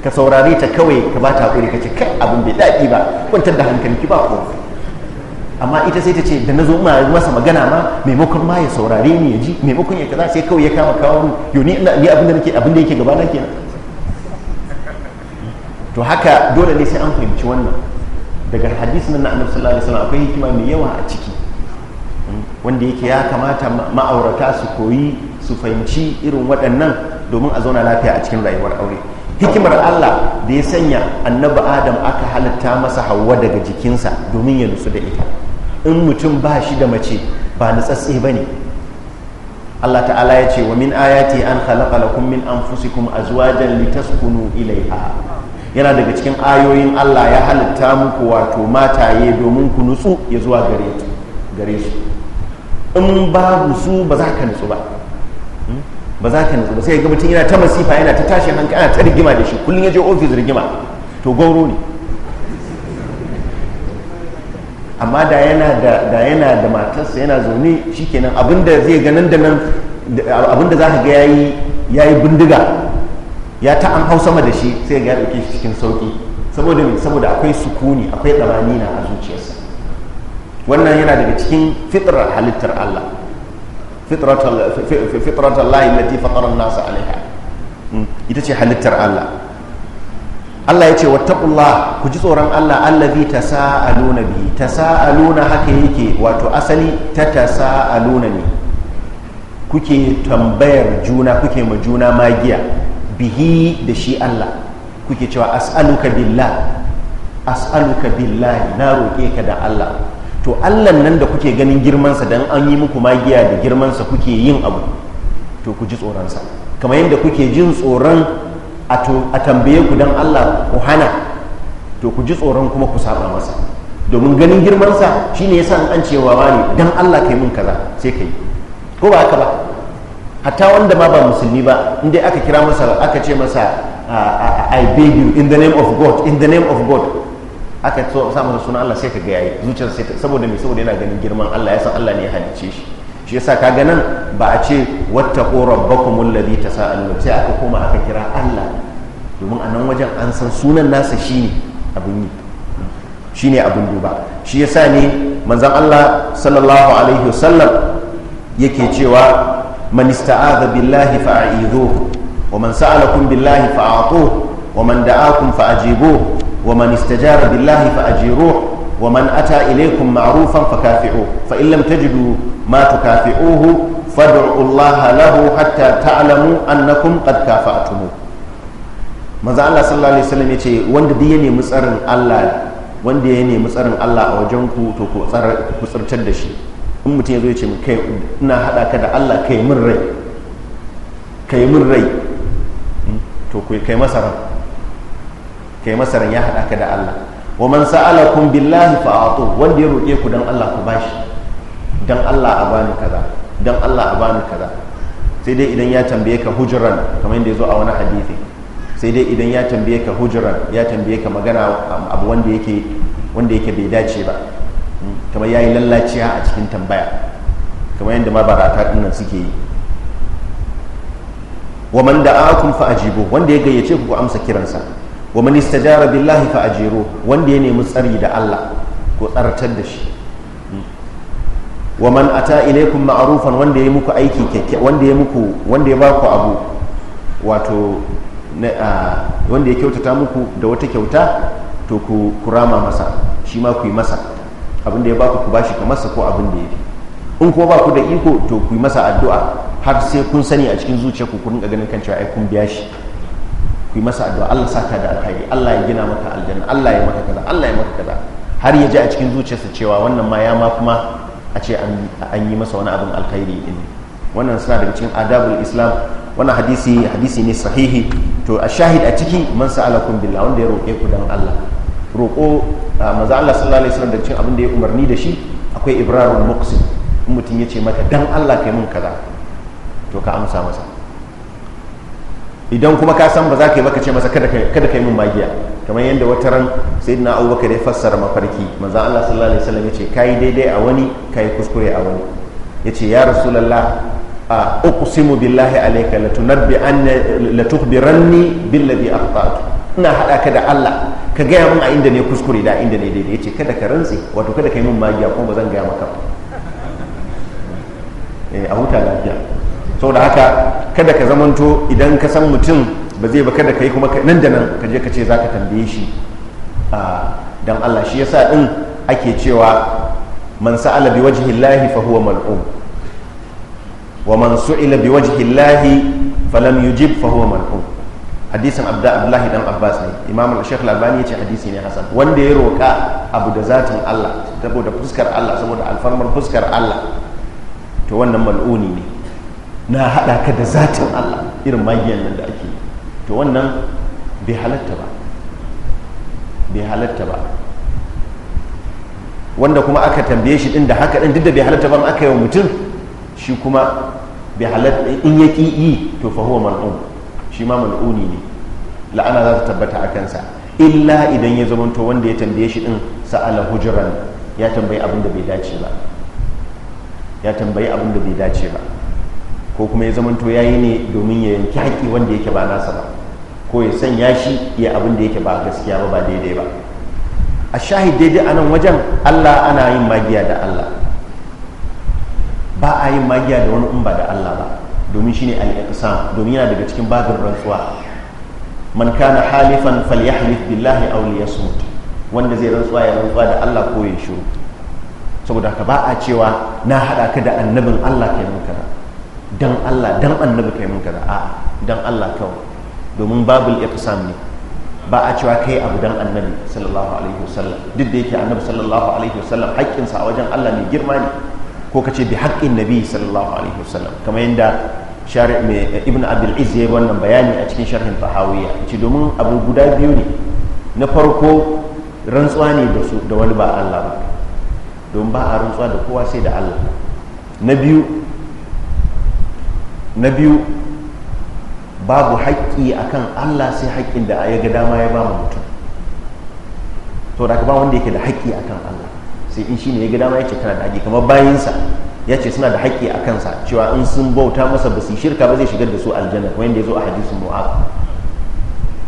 ka saurare ta kawai ka ba ta hakuri ka ce kai abin bai daɗi ba kwantar da hankalinki ba ko amma ita sai ta ce da na zo ina masa magana ma maimakon ma ya saurare ni ya ji maimakon ya kaza sai kawai ya kama kawo mu ni ina ni abin da nake abin da yake gaba na kenan to haka dole ne sai an fahimci wannan daga hadisin na annabi sallallahu alaihi wasallam akwai hikima mai yawa a ciki wanda yake ya kamata ma'aurata su koyi su fahimci irin waɗannan domin a zauna lafiya a cikin rayuwar aure hikimar Allah da ya sanya annabi Adam aka halitta masa hawa daga jikinsa domin ya nutsu da ita in mutum ba shi da mace ba ba ne. Allah ta'ala ya ce wa min ayati an khalaqa lakum min anfusikum azwajan litaskunu ha. yana daga cikin ayoyin Allah ya halitta muku wato mataye domin ku nutsu ya zuwa gare su in babu su ba za ka nutsu ba ba za ka nutsu ba sai ga mutum yana ta masifa yana ta tashi hankali ana ta rigima da shi kullum ya je ofis rigima to gauro ne amma da yana da yana da matarsa yana zaune shikenan abinda zai ga nan da nan abinda za ka ga yayi yayi bindiga ya ta an hau sama da shi sai ga ya dauke shi cikin sauki saboda saboda akwai sukuni akwai tsamanina a zuciyarsa wannan yana daga cikin fitrar halittar Allah fitratar layi lati faƙarar nasa alaiha hmm. ita ce halittar Allah Allah ya ce wattaqullah ku ji tsoron Allah allazi tasaaluna bi ta tasaaluna haka yake wato asali ta tasaaluna ne kuke tambayar juna kuke ma juna magiya bihi da shi Allah kuke cewa as'aluka billah as'aluka billahi na roƙe ka da Allah to allan nan da kuke ganin girmansa don an yi muku magiya da girmansa kuke yin abu to ku ji tsoronsa kamar yadda kuke jin tsoron a tambaye ku don allah ku hana to ku ji tsoron kuma ku saba masa domin ganin girmansa shine yasa an cewa ne don allah kai mun kaza sai ka yi. ko ba haka ba hatta wanda ma ba musulmi ba inda aka kira masa aka ce masa ah, ah, ah, i beg you in the name of god in the name of god aka so sa masa sunan Allah sai ka ga yayi zuciyar sai ta saboda me saboda yana ganin girman Allah ya san Allah ne ya halice shi shi yasa ka ga nan ba a ce wattaqu ta sa tasaalun sai aka koma aka kira Allah domin a nan wajen an san sunan nasa shi abin yi shine abin duba shi yasa ne manzon Allah sallallahu alaihi wasallam yake cewa man ista'adha billahi fa'idhuhu wa man sa'alakum billahi fa'atuhu wa man da'akum fa'ajibuhu ومن استجار بالله فأجيروه ومن أتى إليكم معروفا فكافئوه فإن لم تجدوا ما تكافئوه فادعوا الله له حتى تعلموا أنكم قد كافأتموه maza Allah sallallahu alaihi wasallam yace wanda duk ya nemi Allah wanda ya nemi tsarin Allah a wajen ku to ku tsartar da shi in mutum yazo yace ya kai ina haɗa ka da Allah kai min rai kai min rai to kai masa kai masaran ya haɗa ka da Allah wa man kun billahi fa atu wanda ya roƙe ku dan Allah ku bashi dan Allah a bani kaza dan Allah a bani kaza sai dai idan ya tambaye ka hujran kamar yadda yazo a wani hadisi sai dai idan ya tambaye ka hujran ya tambaye ka magana um, abu wanda yake wanda yake bai dace ba hmm, kamar yayi lallaciya a cikin tambaya kamar yadda din nan suke yi wa man da'akum fa ajibu wanda ya gayyace ku ku amsa kiransa wa man istajara billahi fa ajiru wanda ya nemi tsari da Allah ko tsartar da shi wa man ata ilaikum ma'rufan wanda ya muku aiki kyakkyawa wanda ya muku wanda ya baku abu wato wanda ya kyautata muku da wata kyauta to ku kurama masa shi ma ku yi masa abin da ya baku ku bashi ka masa ko abin da ya fi in kuma ba ku da iko to ku yi masa addu'a har sai kun sani a cikin zuciyarku kun ga ganin kan cewa ai kun biya shi ku yi masa addu'a Allah saka da alkhairi Allah ya gina maka aljanna Allah ya maka kaza Allah ya maka kaza har ya ji a cikin zuciyarsa cewa wannan ma ya ma kuma a ce an yi masa wani abin alkhairi din wannan suna daga cikin adabul islam wannan hadisi hadisi ne sahihi to a shahid a ciki man sa'alakum billah wanda ya roƙe ku dan Allah roƙo manzo Allah sallallahu alaihi wasallam da cikin abin da ya umarni da shi akwai ibrarul muqsim mutum ya ce maka dan Allah kai mun kaza to ka amsa masa idan kuma ka san ba za ka yi baka ce masa kada ka yi min magiya kamar yadda wata ran sai na abubakar ya fassara mafarki manzo Allah sallallahu alaihi wasallam ka yi daidai a wani yi kuskure a wani yace ya rasulullah a uqsimu billahi alayka latunabbi anna latukhbiranni akhtatu ina hada ka da Allah ka gaya min a inda ne kuskure da inda ne daidai ce kada ka rantse wato kada ka yi min magiya kuma ba zan gaya maka eh, a huta lafiya saboda haka kada ka zamanto idan ka san mutum ba zai ba kada ka yi kuma nan da nan ka je ka ce za ka tambaye shi don allah shi yasa din ake cewa man sa'ala bi wajhi llahi fa huwa wa man su'ila bi falam yujib fa huwa hadisin abdullahi dan abbas ne imam al-sheikh al ya ce hadisi ne hasan wanda ya roƙa abu da zatin allah saboda fuskar allah saboda alfarmar fuskar allah to wannan mal'uni ne na haɗa ka da zatin Allah irin magiyan nan da ake to wannan bai halatta ba bai halatta ba wanda kuma aka tambaye shi ɗin da haka ɗin duk da bai halatta ba aka yi wa mutum shi kuma bai halatta in ya ƙi yi to fa huwa mal'un shi ma mal'uni ne la'ana za ta tabbata a kansa illa idan ya zamanto wanda ya tambaye shi ɗin sa'ala hujran ya tambayi abin da bai dace ba ya tambayi abin da bai dace ba ko kuma ya zamanto ya yi ne domin ya yanki haƙi wanda yake ba nasa ba ko ya sanya shi ya abin da yake ba gaskiya ba ba daidai ba a shahid daidai a nan wajen allah ana yin magiya da allah ba a yin magiya da wani umba da allah ba domin shi ne iqsam domin yana daga cikin bagar rantsuwa man kana halifan falyahlif billahi aw liyasmut wanda zai rantsuwa ya rantsuwa da Allah ko ya shiru saboda ka ba a cewa na haɗa ka da annabin Allah kenan kana dan Allah dan annabi kai mun kaza a'a dan Allah kawai domin babul iqsam ne ba a cewa kai abu dan annabi sallallahu alaihi wasallam duk da yake annabi sallallahu alaihi wasallam sa a wajen Allah mai girma ne ko ka ce bi haƙƙin nabi sallallahu alaihi wasallam kamar yadda shari mai ibn abdul izz ya wannan bayani a cikin sharhin fahawiya ce domin abu guda biyu ne na farko rantsuwa ne da su da wani ba Allah ba don ba a rantsuwa da kowa sai da Allah na biyu na biyu babu haƙƙi akan allah sai haƙƙin da ya ga dama ya ba mu mutum to da ba wanda yake da haƙƙi akan allah sai in shine ya ga dama ya ce kana da haƙƙi kamar bayinsa ya ce suna da haƙƙi a kansa cewa in sun bauta masa ba su shirka ba zai shigar da su aljanna wanda ya zo a hadisin mu'az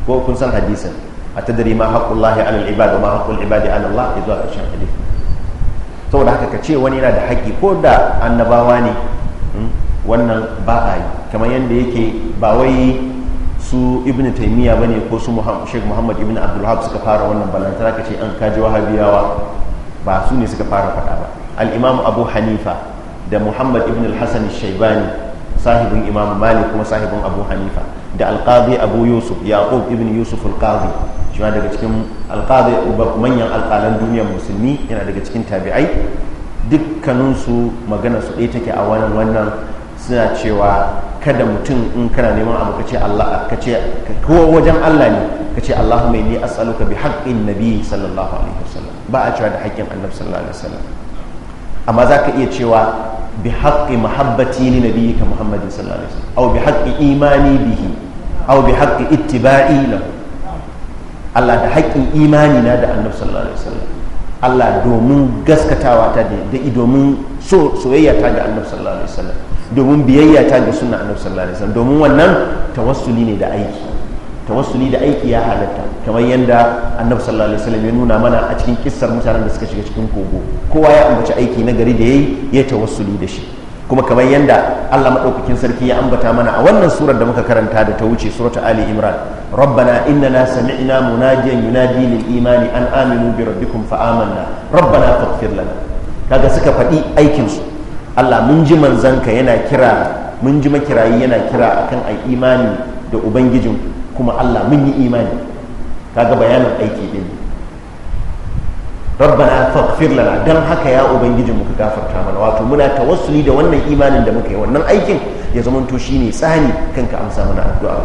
ko kun san hadisin a tadari ma haqqullahi ala al'ibad ibad wa ma haqqul ibadi ala Allah ya zo a ƙarshen hadisi saboda haka ka ce wani yana da haƙƙi ko da annabawa ne wannan ba a yi kamar yadda yake ba wai su ibn taimiyya ba ne ko su sheikh muhammad ibn abdullahab suka fara wannan balantara ka ce an kaji wahabiyawa ba su ne suka fara faɗa ba al'imamu abu hanifa da muhammad ibn al-hassan shaibani sahibin imam malik kuma sahibin abu hanifa da alkazi abu yusuf yaqub ibn yusuf alkazi shi ma daga cikin alkazi manyan alƙalan duniyar musulmi yana daga cikin tabi'ai dukkaninsu magana su ɗaya take a wannan wannan suna cewa kada mutum in kana neman abu kace Allah kace ko wajen Allah ne kace Allahumma inni as'aluka bi haqqin nabi sallallahu alaihi wasallam ba a cewa da haƙƙin annabi sallallahu alaihi wasallam amma zaka iya cewa bi haqqi mahabbati li nabiyyika muhammadin sallallahu alaihi wasallam aw bi haqqi imani bihi aw bi haqqi ittiba'i lahu Allah da haƙƙin imani na da annabi sallallahu alaihi wasallam Allah domin gaskatawa ta da domin soyayya ta da annabi sallallahu alaihi wasallam domin biyayya ta ga suna annabi sallallahu alaihi domin wannan tawassuli ne da aiki tawassuli da aiki ya halatta kamar yadda annabi sallallahu alaihi wasallam ya nuna mana a cikin kissar mutanen da suka shiga cikin kogo kowa ya ambaci aiki na gari da yayi ya tawassuli da shi kuma kamar yadda Allah madaukakin sarki ya ambata mana a wannan surar da muka karanta da ta wuce surata ali imran rabbana innana sami'na munadiyan na lil imani an aminu bi fa'amanna fa rabbana faghfir kaga suka faɗi aikinsu. Allah mun ji manzanka yana kira mun ji makirayi yana kira akan ai imani da ubangijin kuma Allah mun yi imani kaga bayanin aiki din rabbana faghfir lana dan haka ya ubangijin muka gafarta mana wato muna tawassuli da wannan imanin da muka yi wannan aikin ya zamanto shine tsani kanka amsa mana addu'a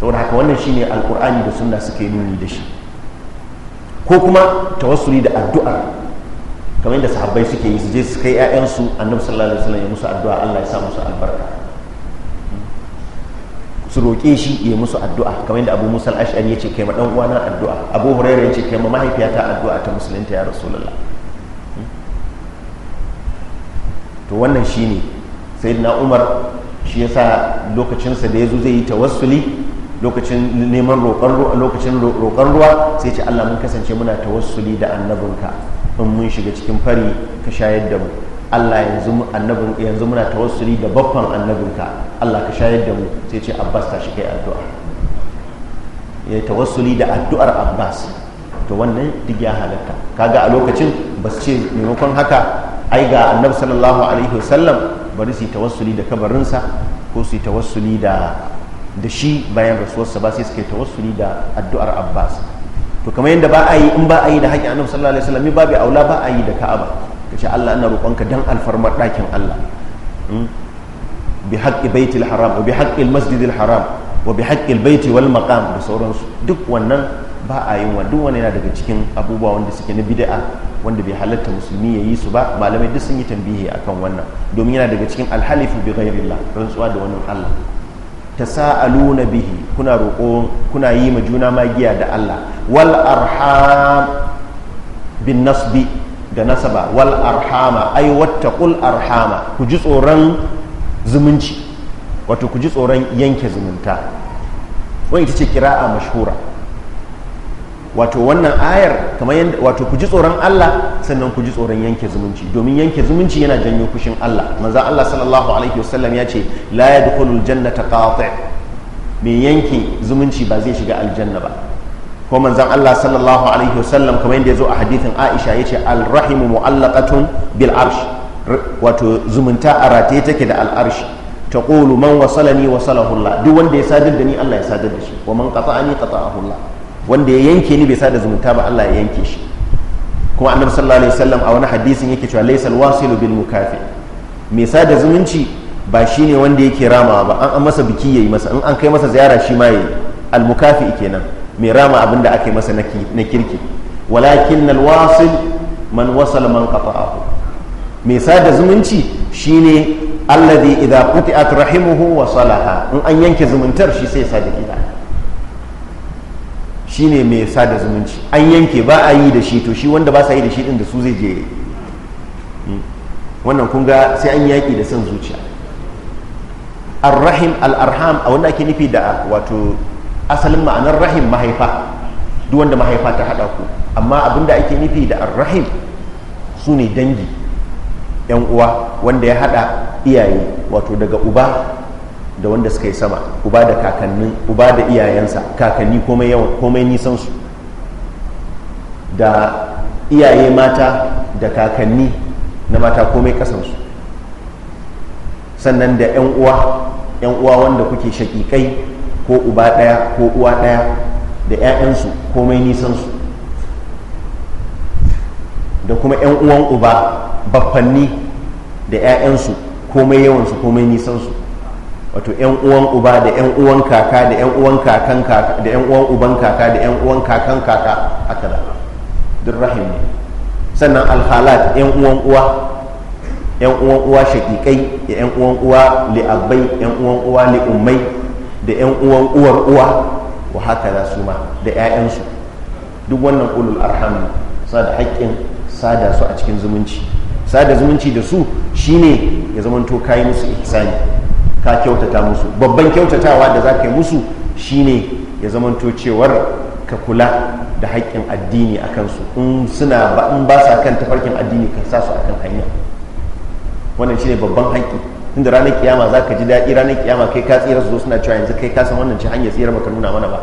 saboda haka wannan shine alqur'ani da sunna suke nuni da shi ko kuma tawassuli da addu'a kamar yadda sahabbai suke yi su je su kai ƴaƴansu annabi sallallahu alaihi wasallam ya musu addu'a Allah ya sa musu albarka su roƙe shi ya musu addu'a kamar yadda Abu Musa al-Ash'ari yace kai ma dan uwana addu'a Abu Hurairah yace kai ma mahaifiyata addu'a ta musulunta ya Rasulullah to wannan shine sayyidina Umar shi yasa lokacinsa da ya zai yi tawassuli lokacin neman roƙon ruwa lokacin roƙon ruwa sai ce Allah mun kasance muna tawassuli da annabinka in mun shiga cikin fari ka shayar da mu Allah yanzu annabin yanzu muna tawassuli da babban annabinka Allah ka shayar da mu sai ce Abbas ta shi kai addu'a ya tawassuli da addu'ar Abbas to wannan duk ya halatta kaga a lokacin ba su ce maimakon haka ai ga annabi sallallahu alaihi wasallam bari su yi tawassuli da kabarinsa ko su yi tawassuli da da shi bayan rasuwarsa ba sai suka yi tawassuli da addu'ar Abbas to kamar yadda ba a yi in ba a yi da haƙƙin annabi sallallahu alaihi wasallam babu aula ba a yi da ka'aba ce Allah ina roƙonka dan alfarmar ɗakin Allah hmm? bi haqqi baitil haram wa bi haqqi masjidil haram wa bi haqqi baiti wal maqam da sauransu duk wannan ba a yin wa duk wani yana daga cikin abubuwa wanda suke na bid'a wanda bai halatta musulmi ya yi su ba malamai duk sun yi tambihi akan wannan domin yana daga cikin alhalifu bi ghairillah rantsuwa da wani Allah tasa'aluna bihi kuna roƙo kuna yi ma juna magiya da Allah wal arham bin nasbi da nasaba wal arhama ai wattaqul arhama ku ji tsoron zumunci wato ku ji tsoron yanke zumunta wani ita ce kira a mashhura wato wannan ayar kamar yadda wato ku ji tsoron Allah sannan ku ji tsoron yanke zumunci domin yanke zumunci yana janyo kushin Allah manzo Allah sallallahu alaihi wasallam ya ce la yadkhulul jannata qati mai yanke zumunci ba zai shiga aljanna ba ko manzon Allah sallallahu alaihi wasallam kamar yadda ya zo a hadithin Aisha yace al rahimu mu'allaqatun bil arsh wato zumunta a rataye take da al arsh taqulu man wasalani wasalahu Allah duk wanda ya sadar da ni Allah ya sadar da shi wa man qata'ani qata'ahu Allah wanda ya yanke ni bai sada zumunta ba Allah ya yanke shi kuma annabi sallallahu alaihi wasallam a wani hadisin yake cewa laysal wasilu bil mukafi mai sada zumunci ba shine wanda yake rama ba an an masa biki yayi masa in an kai masa ziyara shi ma yayi al mukafi kenan mai rama abin da aka yi masa na kirki walakin al wasil man wasala man qata'ahu mai sada zumunci shine alladhi idha quti'at rahimuhu wa salaha in an yanke zumuntar shi sai ya gida. shine mai da zumunci an yanke ba a yi da shi to shi wanda ba sa yi da shi din da su zai je hmm. wannan kun ga sai an yaki da son zuciya arrahim al'arham a wanda ake nufi da wato asalin ma'anar rahim mahaifa duk wanda mahaifa ta haɗa ku amma abinda ake nufi da arrahim su ne dangi yan uwa wanda ya haɗa iyaye wato daga uba da wanda suka yi sama uba da kakannin uba da iyayensa kakanni komai yawan komai nisan su da iyaye mata da kakanni na mata komai kasansu sannan da 'yan uwa 'yan uwa wanda kuke shakikai ko uba daya ko uwa daya da 'ya'yansu komai nisansu da kuma 'yan uwan uba baffanni da 'ya'yansu komai yawansu komai nisansu wato yan uwan uba da yan uwan kaka da yan uwan kakan kaka da yan uwan uban kaka da yan uwan kakan kaka haka da duk rahim ne sannan alhalat yan uwan uwa yan uwan uwa shaƙiƙai da yan uwan uwa li li'abbai yan uwan uwa li umai da yan uwan uwar uwa wa haka da su ma da 'ya'yansu duk wannan ulul arham suna da haƙƙin sada su a cikin zumunci sada zumunci da su shine ya zamanto kai musu ihsani ka kyautata musu babban kyautatawa da za ka yi musu shine ya zamanto cewar ka kula da haƙƙin addini a kansu in suna ba in ba sa kan tafarkin addini ka sa su akan hanya wannan shine babban haƙƙi tunda ranar kiyama za ka ji daɗi ranar kiyama kai ka tsira su zo suna cewa yanzu kai ka san wannan ci hanyar tsira maka nuna mana ba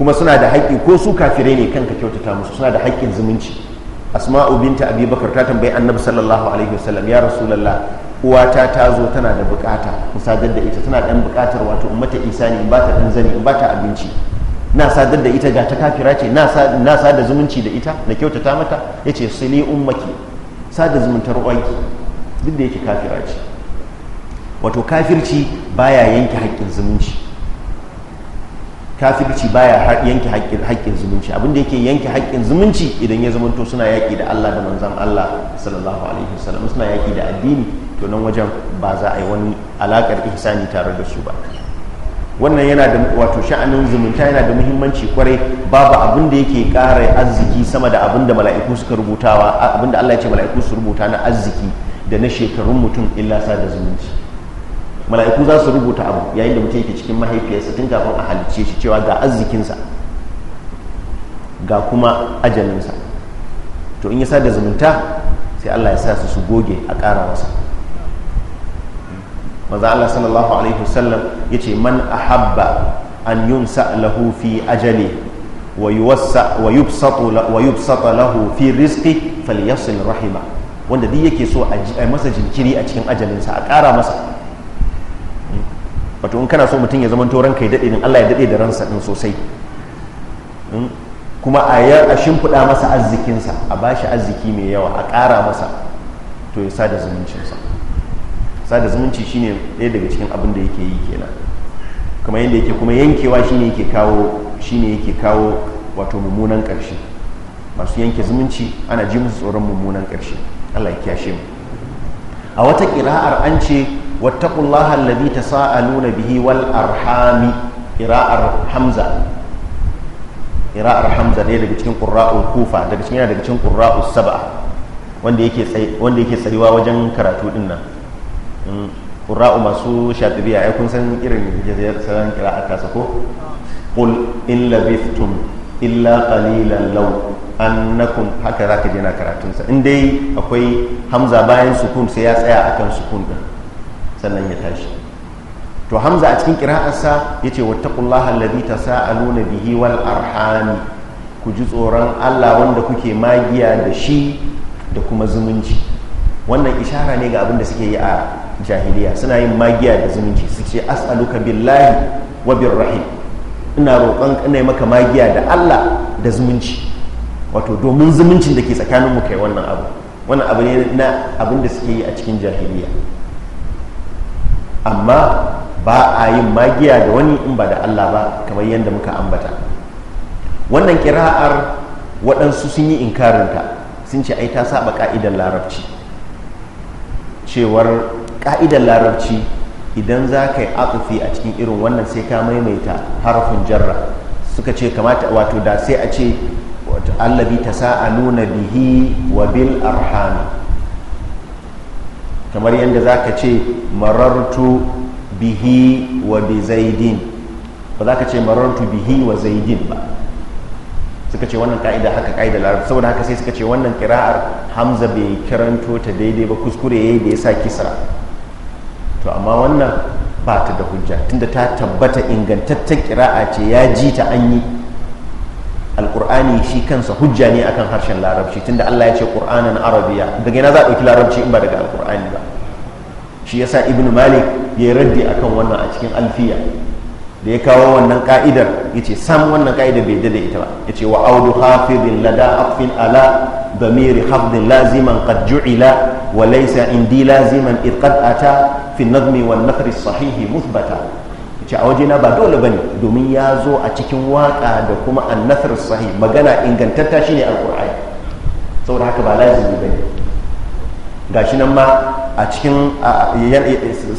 kuma suna da haƙƙi ko su kafirai ne kanka kyautata musu suna da haƙƙin zumunci asma'u binta abi bakar ta tambayi annabi sallallahu alaihi wasallam ya rasulullah uwata ta zo tana da bukata ku sadar da ita tana dan bukatar wato ummata isa ne in ba ta dan zani in ba ta abinci na sadar da ita ga ta kafira ce na sada zumunci da ita na kyautata mata yace sili ummaki sada zumuntar uwanki duk da yake kafira ce wato kafirci baya yanke haƙƙin zumunci kafirci baya yanke haƙƙin zumunci abinda yake yanke haƙƙin zumunci idan ya zamanto suna yaƙi da Allah da manzan Allah sallallahu alaihi wasallam suna yaƙi da addini to nan wajen ba za a yi wani alaƙar ihsani tare da su ba wannan yana da wato sha'anin zumunta yana da muhimmanci kwarai babu abin da yake ƙara arziki sama da abin da mala'iku suka rubutawa abin Allah ya ce mala'iku su rubuta na arziki da na shekarun mutum illa sa da zumunci mala'iku za su rubuta abu yayin da mutum yake cikin mahaifiyarsa tun kafin a halice shi cewa ga arzikinsa ga kuma ajalinsa to in ya sa da zumunta sai Allah ya sa su su goge a ƙara masa maza Allah sallallahu alaihi wasallam ya ce man habba an sa lahu fi ajali wa yubsata lahu fi rizqi falyasil rahima wanda duk yake so a masa jinkiri a cikin ajalinsa a ƙara masa wato in kana so mutum ya zamanto ranka ya daɗe din Allah ya daɗe da ransa din sosai hmm? kuma a yi a shimfiɗa masa arzikinsa a ba shi arziki mai yawa a ƙara masa to ya sada zumuncinsa sada zumunci shine ɗaya daga cikin abin da yake yi kenan kuma yadda yake kuma yankewa shine yake kawo shine yake kawo wato mummunan ƙarshe masu yanke zumunci ana ji musu tsoron mummunan ƙarshe Allah ya kiyashe mu a wata ƙira'ar an ce wattaqullaha alladhi tasaaluna bihi wal arhami qira'ar hamza qira'ar hamza ne daga cikin qurra'ul kufa daga cikin yana daga cikin qurra'us sab'a wanda yake wanda yake tsariwa wajen karatu din nan hmm, qurra'u masu shatibiya ai kun san irin sanan qira'ar tasa ko qul in labithtum illa qalilan law annakum haka zaka je na karatun sa in dai akwai hamza bayan sukun sai ya tsaya akan sukun din sannan ya tashi to hamza a cikin kira'arsa ya ce wattakullaha alladhi tasa'aluna bihi wal arhami ku ji tsoron Allah wanda kuke magiya da shi da kuma zumunci wannan ishara ne ga abin da suke yi a jahiliya suna yin magiya da zumunci su ce as'aluka billahi wa birrahim ina roƙon ƙanai maka magiya da Allah da zumunci wato domin zumuncin da ke tsakanin mu kai wannan abu wannan abu ne na abin da suke yi a cikin jahiliya amma ba a yin magiya da wani in ba da Allah ba kamar yadda muka ambata wannan kira'ar waɗansu sun yi inkarinta sun ce ai ta saba ka'idar larabci cewar ka'idar larabci idan za ka yi atufi a cikin irin wannan sai ka maimaita harafin jarra suka ce kamata wato da sai a ce allabi ta nuna bihi wa bil arhani kamar yadda za ka ce marartu bihi wa bi zaidin ba za ka ce marartu bihi wa zaidin ba suka ce wannan ka'ida haka ka'ida larabci saboda haka sai suka ce wannan kira'ar hamza bai kiranto ta daidai ba kuskure ya yi da ya sa kisra to amma wannan ba ta da hujja tunda ta tabbata ingantaccen kira'a ce ya ji ta an yi alkur'ani shi kansa hujja ne akan harshen larabci tunda Allah ya ce qur'anan arabiya daga yana za a ɗauki larabci in ba daga alkur'ani ba shi yasa ibnu malik ya raddi akan wannan a cikin alfiya da ya kawo wannan ka'idar ya ce sam wannan ka'idar bai dada ita ba ya ce wa audu hafizin lada aqfin ala damiri hafzin laziman qad ju'ila wa laysa indi laziman id qad ata fi nadmi wan-nafri sahihi muthbata ce a wajena ba dole bane domin ya zo a cikin waka da kuma annasar sahi magana ingantatta shine alqur'ani saboda haka ba lazimi bane gashi nan ma a cikin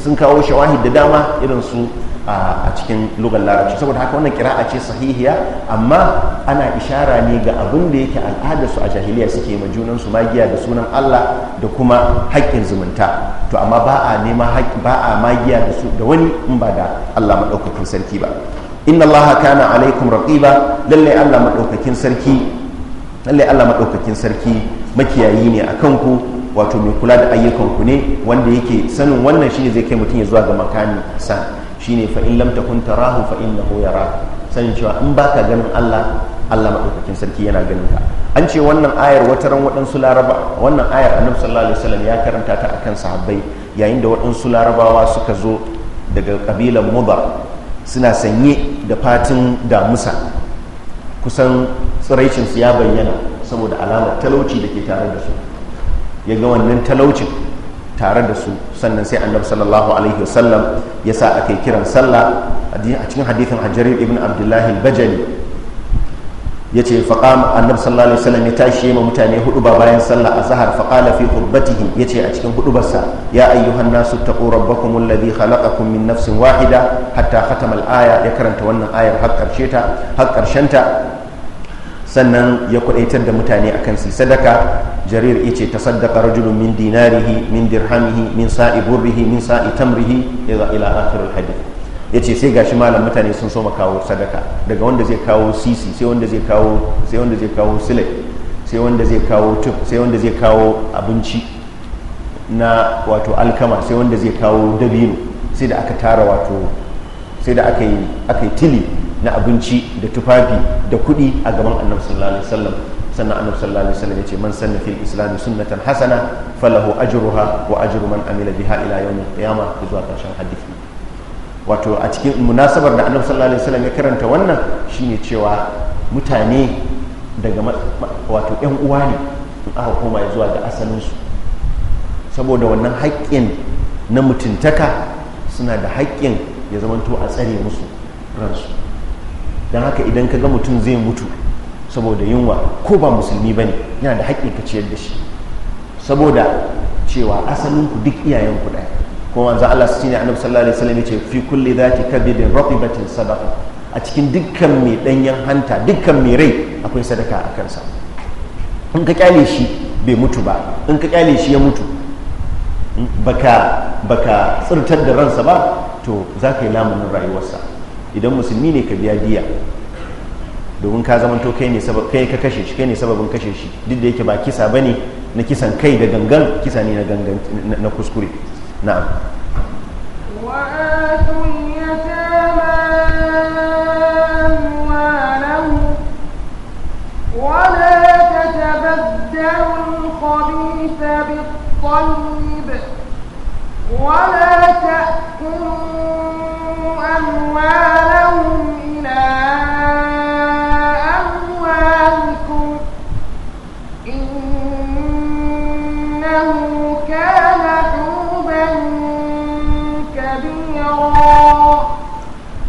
sun kawo shawahid da dama irin su a cikin lugar larabci saboda haka wannan kira'a ce sahihiya amma ana ishara ne ga abin da yake al'adar su a jahiliya suke ma su magiya da sunan Allah da kuma haƙƙin zumunta to amma ba a nema ba a magiya da su da wani in ba da Allah madaukakin sarki ba inna Allah kana alaikum raqiba lalle Allah maɗaukakin sarki lalle Allah madaukakin sarki makiyayi ne akan ku wato mai kula da ayyukan ku ne wanda yake sanin wannan shine zai kai mutum ya zuwa ga makani sa shine fa in lam takun tarahu fa innahu yara sanin cewa in baka ganin Allah Allah madaukakin sarki yana ganin ka an ce wannan ayar ran waɗansu laraba wannan ayar annabi sallallahu alaihi ya karanta ta akan sahabbai yayin da waɗansu larabawa suka zo daga kabilan muba suna sanye da fatin damusa kusan tsiraicinsu ya bayyana saboda alamar talauci da ke tare da su ya ga wannan talaucin tare da su sannan sai annabi sallallahu alaihi wasallam ya sa aka yi kiran sallah a cikin hadithin hajjarir ibn abdullahi bajali ya ce faƙam annabi sallallahu alaihi wasallam ya tashi ma mutane hudu ba bayan sallah a zahar faƙala fi hubbatihi ya ce a cikin huɗubarsa ya ayyuhan nasu taqu rabbakum alladhi khalaqakum min nafsin wahida hatta khatama al-aya ya karanta wannan ayar har karshe ta har karshen ta sannan ya kudaitar da mutane a kansu sadaka jarir ta sadaka rajulun min dinarihi min dirhamihi min sa'i burrihi min sa'i tamrihi ila ila akhir alhadith yace sai gashi malam mutane sun so kawo sadaka daga wanda zai kawo sisi sai wanda zai kawo sai wanda zai kawo sile sai wanda zai kawo tuf sai wanda zai kawo abinci na wato alkama sai wanda zai kawo dabino sai da aka tara wato sai da aka yi aka yi tili na abinci da tufafi da kuɗi a gaban annabi sallallahu alaihi wasallam sannan annabi sallallahu alaihi wasallam yace man sanna fil islam sunnatan hasana falahu ajruha wa ajru man amila biha ila yawm al zuwa karshen hadisi wato a cikin munasabar da annabi sallallahu alaihi wasallam ya karanta wannan shine cewa mutane daga wato yan uwa ne in aka koma zuwa ga asalin su saboda wannan haƙƙin na mutuntaka suna da haƙƙin ya zamanto a tsare musu ransu don haka idan ka ga mutum zai mutu saboda yunwa ko ba musulmi ba ne yana da haƙƙi ka ciyar da shi saboda cewa asalin ku duk iyayen ku ɗaya ko wanzu Allah su ne annabi sallallahu alaihi wasallam ce fi kulli dhati kabidin ratibatin sadaka a cikin dukkan mai ɗanyen hanta dukkan mai rai akwai sadaka a kansa in ka kyale shi bai mutu ba in ka kyale shi ya mutu baka baka tsirtar da ransa ba to za ka yi lamunin rayuwarsa idan musulmi ne ka biya diya domin ka zama to kai ne ka kashe shi kai ne sababin kashe shi duk da yake ba kisa ba ne, na kisan kai da gangan kisa ne na gangan na kuskure na'am ولا تأكلوا أموالهم إلى أموالكم إنه كان حوبا كبيرا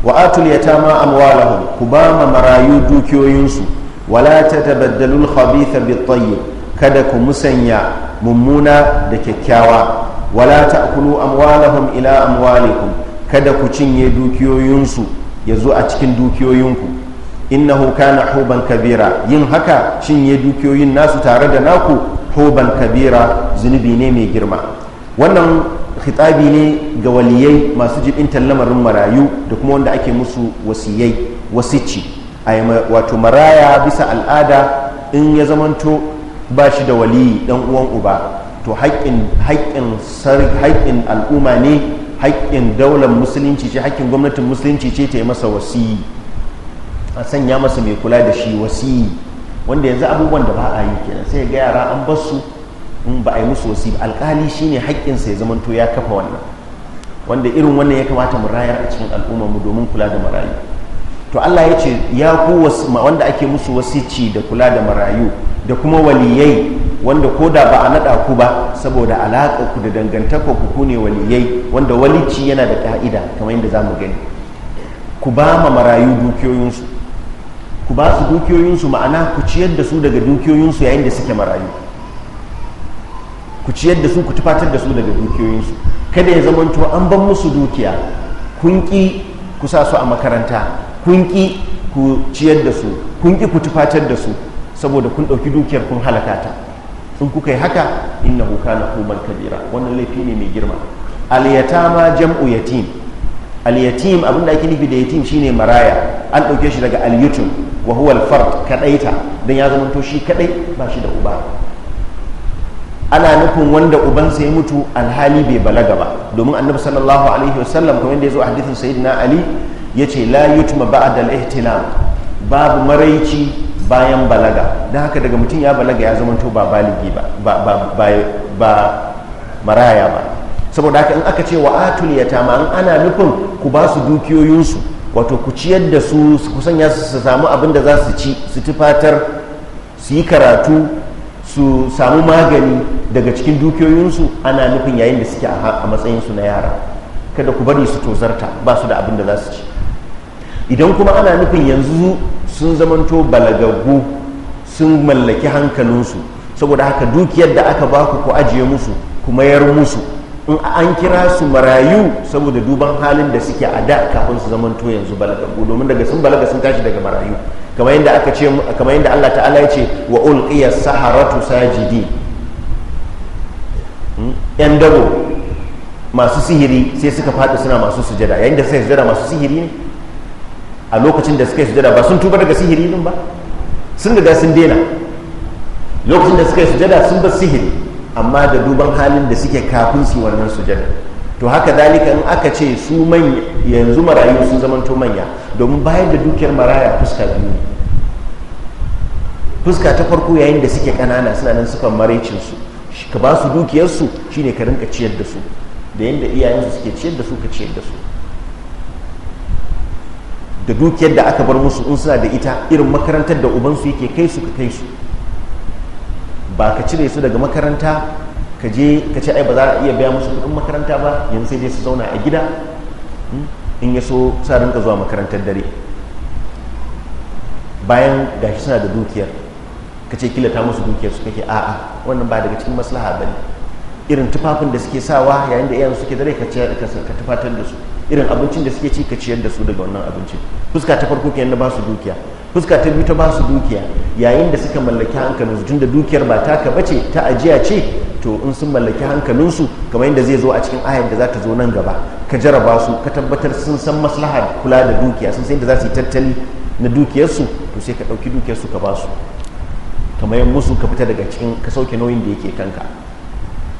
وآتوا اليتامى أموالهم كبام مرايو دوكيو ينسو ولا تتبدلوا الخبيث بالطيب kada ku musanya mummuna da kyakkyawa wala ta'kulu amwalahum ila amwalikum kada ku cinye dukiyoyinsu ya zo a cikin dukiyoyinku hoka na hoban kabira yin haka cinye dukiyoyin nasu tare da naku hoban kabira zunubi ne mai girma wannan hitabi ne ga waliyai masu jibin lamarin marayu da kuma wanda ake musu wasiyai wasici wato maraya bisa al'ada in ya zamanto ba shi da waliyi dan uwan uba to haƙƙin al'umma ne haƙƙin daular musulunci ce haƙƙin gwamnatin musulunci ce ta yi masa wasi a sanya masa mai kula da shi wasi. wanda yanzu abubuwan da ba a yi kenan sai ga yara an bar su in ba a yi musu wasi ba alƙali shine haƙƙinsa ya zamanto ya kafa wannan wanda irin wannan ya kamata mu rayar a cikin al'ummar mu domin kula da marayu to Allah ya ce ya ku wanda ake musu wasici da kula da marayu da kuma waliyai wanda ko da ba a naɗa ku ba saboda alaƙa ku da dangantaka ku ku ne waliyai wanda walici yana da ƙa'ida kamar yadda za mu gani ku ba ma marayu dukiyoyinsu ku ba su dukiyoyinsu ma'ana ku ciyar da su daga dukiyoyinsu yayin da suke marayu ku ciyar da su ku tufatar da su daga dukiyoyinsu kada ya zamanto an ban musu dukiya kun ƙi ku sa su a makaranta kun ƙi ku ciyar da su kun ƙi ku tufatar da su saboda kun ɗauki dukiyar kun halakata. in kuka yi haka innahu na kuman kabira wannan laifi ne mai girma al jam'u yatim al abin da ake nufi da yatim shine maraya an ɗauke shi daga al wa huwa al-fard kadaita dan ya zama to shi kadai ba shi da uba ana nufin wanda ubansa ya mutu alhali bai balaga ba domin annabi sallallahu alaihi wasallam kamar yadda ya zo a hadithin sayyidina ali ya ce la yutma ba'da al-ihtilam babu maraici bayan balaga don haka daga mutum ya balaga ya zama to ba baligi ba ba maraya ba saboda haka in aka ce wa atul yatama an ana nufin ku ba su dukiyoyinsu wato ku ciyar da su ku sanya su su samu abin da za su ci su tufatar su yi karatu su samu magani daga cikin dukiyoyinsu ana nufin yayin da suke a matsayinsu na yara kada ku bari su tozarta ba su da abin da za su ci idan kuma ana nufin yanzu sun zamanto balagaggu sun mallaki hankalinsu saboda haka dukiyar da aka baku ku ajiye musu ku mayar musu in an kira su marayu saboda duban halin da suke a da kafin su zamanto yanzu balagaggu domin daga sun balaga sun tashi daga marayu kamar yadda ce Allah ta'ala ya ce wa ulqiya saharatu sajidi hmm? yan dabo masu sihiri sai suka faɗi suna masu sujada yayin da sai sujada masu sihiri ne a lokacin da suka yi sujada ba sun tuba daga sihiri din ba sun ga sun dena lokacin da suka yi sujada sun bar sihiri amma da duban halin da suke kafin su wannan sujada to haka dalika in aka ce su manya yanzu marayu sun zamanto manya domin bayar da dukiyar maraya fuska biyu fuska ta farko yayin da suke kanana suna nan maraicin maraicinsu ka ba su dukiyarsu shine ka rinka ciyar da su da yadda iyayensu suke ciyar da su ka ciyar da su da dukiyar da aka bar musu in suna da ita irin makarantar da ubansu yake kai su ka kai su ba ka cire su daga makaranta ka je ka ce ai ba za a iya biya musu kuɗin makaranta ba yanzu sai dai su zauna a gida hmm? in ya so sa rinka zuwa makarantar dare bayan gashi suna da dukiyar ka ce kilata musu dukiyar su kake a'a wannan ba daga cikin maslaha bane irin tufafin da suke sawa yayin da iyayen suke dare ka tufatar da su irin abincin da suke ci ka ciyar da su daga wannan abincin fuska ta farko kenan na ba su dukiya fuska ta biyu ta ba su dukiya yayin da suka mallaki hankalinsu tunda dukiyar ba ta taka bace ta ajiya ce to in sun mallaki hankalinsu kamar yadda zai zo a cikin ayar da za ta zo nan gaba ka jaraba su ka tabbatar sun san maslaha kula da dukiya sun san yadda za su yi tattali na dukiyarsu to sai ka ɗauki dukiyarsu ka ba su kamar yin musu ka fita daga cikin ka sauke nauyin da yake kanka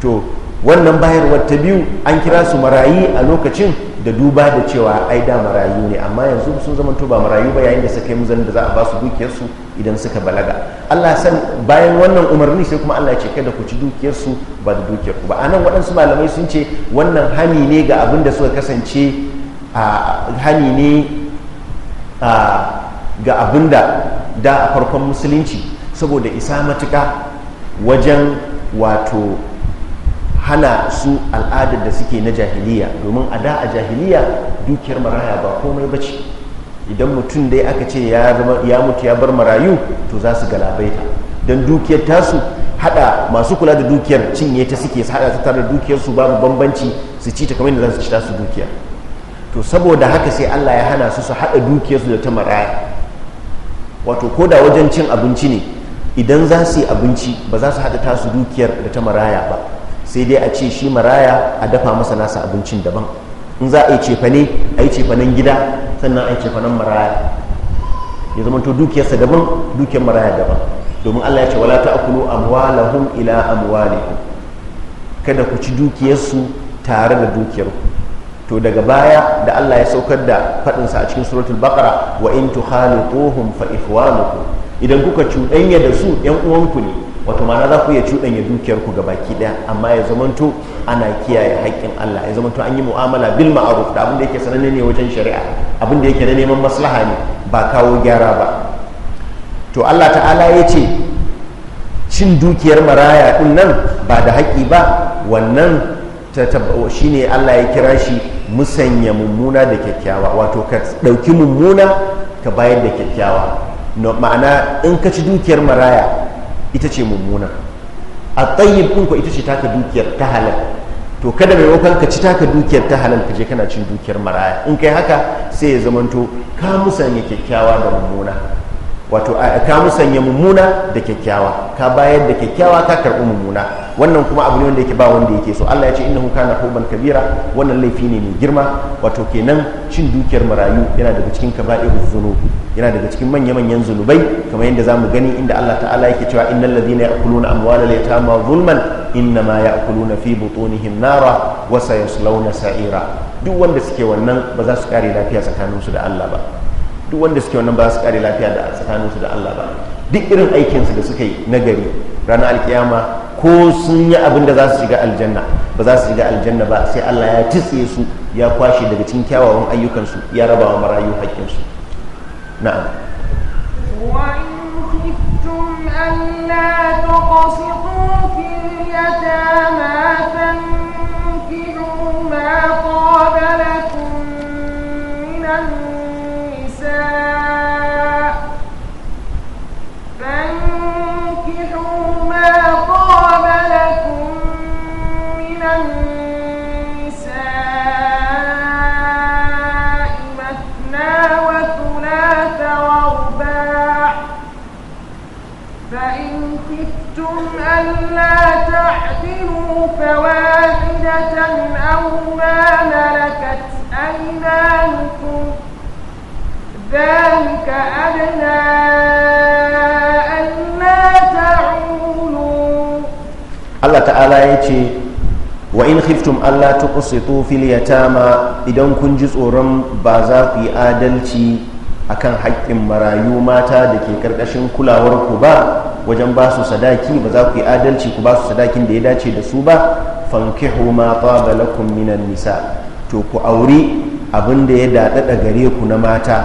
to wannan bayarwar ta biyu an kira su marayi a lokacin da duba da cewa ai da marayu ne amma yanzu sun zama ba marayu ba yayin da suka yi muzan da za a ba su dukiyarsu idan suka balaga Allah san bayan wannan umarni sai kuma Allah ce kada ku ci dukiyarsu ba da dukiyarku ba anan waɗansu malamai sun ce wannan hani ne ga abin da suka kasance a hani ne ga abin da da a farkon musulunci saboda isa matuka wajen wato hana su al'adar da suke na jahiliya domin a da a jahiliya dukiyar maraya ba komai ba ce idan mutum dai aka ce ya mutu ya bar marayu to za su galabaita don dukiyar tasu hada masu kula da dukiyar cinye ta suke su hada ta tare da dukiyar su babu bambanci su ci ta kamar yadda za su ci tasu dukiyar to saboda haka sai Allah ya hana su su hada dukiyar su da ta maraya wato ko da wajen cin abinci ne idan za su yi abinci ba za su hada tasu dukiyar da ta maraya ba sai dai a ce shi maraya a dafa masa nasa abincin daban in za a yi cefane a yi cefanen gida sannan a yi cefanen maraya ya zama to dukiyarsa daban dukiyar maraya daban domin allah ya ce wala ta'kulu amwalahum ila amwalikum kada ku ci dukiyarsu tare da dukiyarku to daga baya da allah ya saukar da faɗinsa a cikin suratul baqara wa in tukhaliquhum fa ku idan kuka cuɗanya da su yan uwanku ne wato ma'ana za ku iya cuɗanya dukiyar ku gabaki ɗaya amma ya zamanto ana kiyaye haƙƙin Allah ya zamanto an yi mu'amala bil ma'ruf da abin da yake sananne ne wajen shari'a abin da yake na neman maslaha ne ba kawo gyara ba to Allah ta'ala ya ce cin dukiyar maraya ɗin nan ba da haƙƙi ba wannan shi ne Allah ya kira shi musanya mummuna da kyakkyawa wato ka ɗauki mummuna ka bayar da kyakkyawa ma'ana in ka ci dukiyar maraya ita ce mummuna a tsayin ɗin ita ce taka dukiyar ta halal to kada mai wakan ka ci taka dukiyar ta halal ka je kana cin dukiyar maraya in kai haka sai ya zamanto ka musanya kyakkyawa da mummuna wato ka musanya mummuna da kyakkyawa ka bayar da kyakkyawa ka karɓi mummuna wannan kuma abu ne wanda yake ba wanda yake so Allah ya ce innahu kana huban kabira wannan laifi ne mai girma wato kenan cin dukiyar marayu yana daga cikin kaba'iru zunub yana daga cikin manya manyan zunubai kamar yadda zamu gani inda Allah ta'ala yake cewa innal ladina ya'kuluna amwalal yatama zulman inna ma ya'kuluna fi butunihim nara wa sayaslawna sa'ira duk wanda suke wannan ba za su kare lafiya tsakaninsu da Allah ba duk wanda suke wannan ba su kare lafiya da tsakaninsu da Allah ba duk irin aikinsu da suka yi na gari ranar alkiyama ko sun yi abin da za su shiga aljanna ba za su shiga aljanna ba sai Allah ya titse su ya kwashe daga cikin kyawawan ayyukansu ya raba wa marayu haƙƙinsu na'am ألا تقسطوا في اليتامى khiftum alla tuqsitu fil yatama idan kun ji tsoron ba za ku yi adalci akan haƙƙin marayu mata da ke karkashin kulawar ku ba wajen ba su sadaki ba za ku yi adalci ku ba su sadakin da ya dace da su ba fankihu ma taba lakum minan nisa to ku auri abin da ya daɗaɗa gare ku na mata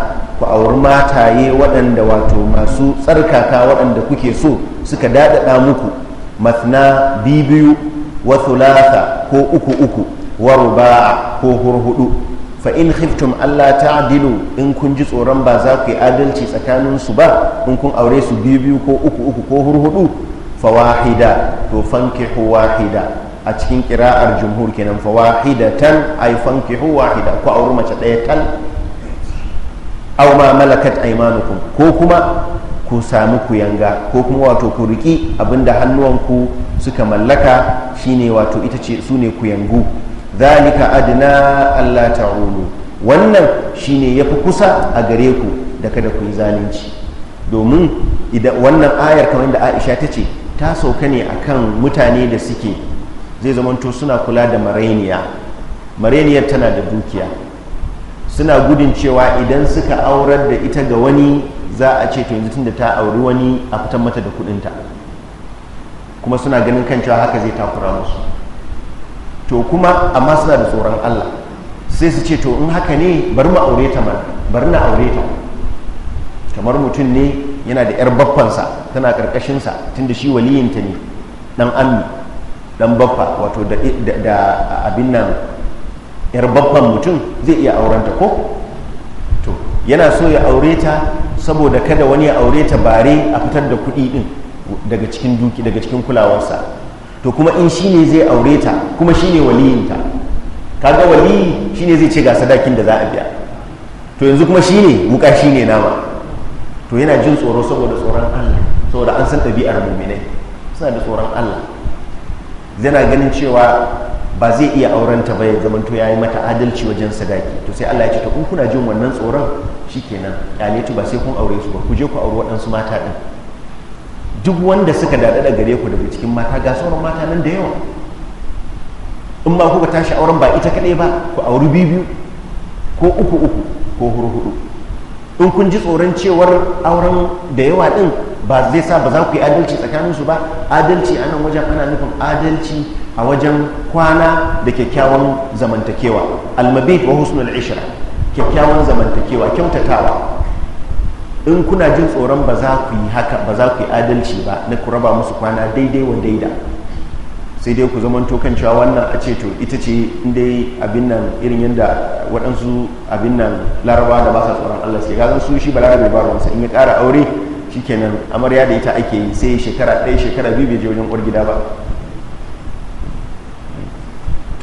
ku auri mataye waɗanda wato masu tsarkaka waɗanda kuke so suka daɗaɗa muku mathna bibiyu wa thulatha ko uku uku waru ba ko hurhudu fa in khiftum Allah ta'dilu in kun ji tsoron ba za ku yi adalci tsakanin su ba in kun aure su biyu biyu ko uku uku ko hurhudu fa wahida to fankihu wahida a cikin kira'ar jumhur kenan fa wahidatan ay fankihu wahida ko auri mace ɗaya tan aw ma malakat aymanukum ko kuma ku sami ku yanga ko kuma wato ku riki abinda hannuwanku suka mallaka shine wato ita ce su ne ku yangu zalika adna allah ta'ulu wannan shine ya fi kusa a gare ku da kada ku yi zalunci domin idan wannan ayar kamar da aisha ta ce ta sauka ne akan mutane da suke zai zamanto suna kula da marainiya marainiyar tana da dukiya suna gudun cewa idan suka aurar da ita ga wani za a ce to yanzu da ta auri wani a fitan mata da kudinta kuma suna ganin kan cewa haka zai takura musu to kuma amma suna da tsoron Allah sai su ce to in haka ne bari mu aure ta mana bari na aure ta kamar mutum ne yana da yar baffansa tana karkashinsa tunda shi waliyinta ne dan ammi dan babba wato da abin nan yar babban mutum zai iya aurenta ko to yana so ya aure ta saboda kada wani ya aure ta bare a fitar da kuɗi din daga cikin duki daga cikin kulawarsa to kuma in shine zai aure ta kuma shine waliyinta kaga waliyi shine zai ce ga sadakin da za a biya to yanzu kuma shine shi shine nama to yana jin tsoro saboda tsoron Allah saboda an san ɗabi'ar muminai suna da tsoron Allah yana ganin cewa ba zai iya auren ta ba ya zamanto yayi mata adalci wajen sadaki to sai Allah ya ce to kun kuna jin wannan tsoron shikenan kyaletu ba sai kun aure su ba ku je ku auri waɗansu mata din duk wanda suka daɗa da gare ku daga cikin mata ga sauran mata nan da yawa in ma kuka tashi auren ba ita kaɗai ba ku auri biyu ko uku uku ko huru huru in kun ji tsoron cewar auren da yawa ɗin, ba zai sa ba za ku yi adalci tsakaninsu ba adalci a nan wajen ana nufin adalci a wajen kwana da kyakkyawan zamantakewa almabit wa husnul ishra kyakkyawan zamantakewa kyautatawa in kuna jin tsoron ba za ku yi haka ba za ku yi adalci ba na ku raba musu kwana daidai wa daida sai dai ku zamanto kan cewa wannan a ce to ita ce dai abin nan irin yadda waɗansu abin nan laraba da ba sa tsoron allah sai gazan su shi ba larabe ba ruwansa in ya ƙara aure shikenan amarya da ita ake yi sai shekara ɗaya shekara biyu bai je wajen ƙwar gida ba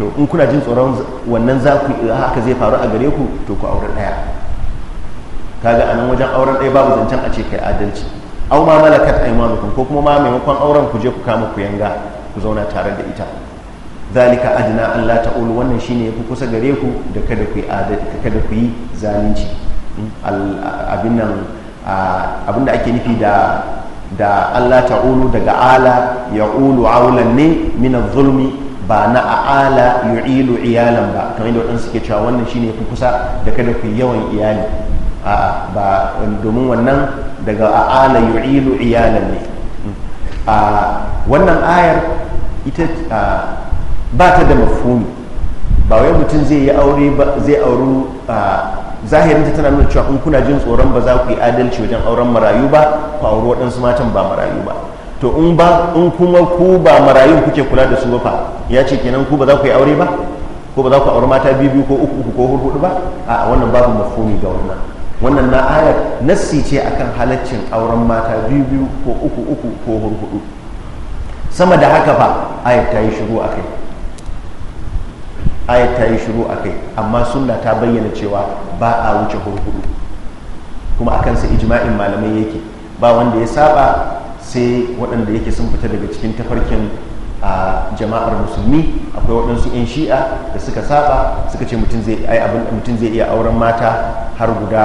to in kuna jin tsoron wannan za ku haka zai faru a gare ku to ku aure ɗaya kaga ga anan wajen auren ɗaya babu zancen a ce kai adalci au ma malakat aymanukum ko kuma ma maimakon auren ku je ku kama ku yanga ku zauna tare da ita zalika adna an la ta'ulu wannan shine yafi kusa gare ku da kada ku yi adalci kada ku yi zalunci abin nan abin da ake nufi da da Allah ta'ulu daga ala ya'ulu aulan ne min zulmi ba na a'ala yu'ilu iyalan ba kamar yadda waɗansu ke cewa wannan shine fi kusa da kada ku yawan iyali a ba domin wannan daga a'ala yu'ilu iyalan ne a wannan ayar ita ba ta da mafhumi ba wai mutum zai yi aure ba zai auru zahirin ta tana nuna cewa in kuna jin tsoron ba za ku yi adalci wajen auren marayu ba ku auri waɗansu matan ba marayu ba to in ba in kuma ku ba marayun kuke kula da su ba fa ya ce kenan ku ba za ku yi aure ba ko ba za ku aure mata biyu biyu ko uku uku ko hudu ba a wannan babu mafumi ga wannan wannan na ayar nassi ce akan halaccin auren mata biyu biyu ko uku uku ko hudu sama da haka fa ayar ta yi shiru akai ayar ta yi shiru akai amma sunna ta bayyana cewa ba a wuce hudu kuma akan sa ijma'in malamai yake ba wanda ya saba sai waɗanda yake sun fita daga cikin tafarkin a jama'ar musulmi akwai waɗansu 'yan shi'a da suka saba suka ce mutum zai iya auren mata har guda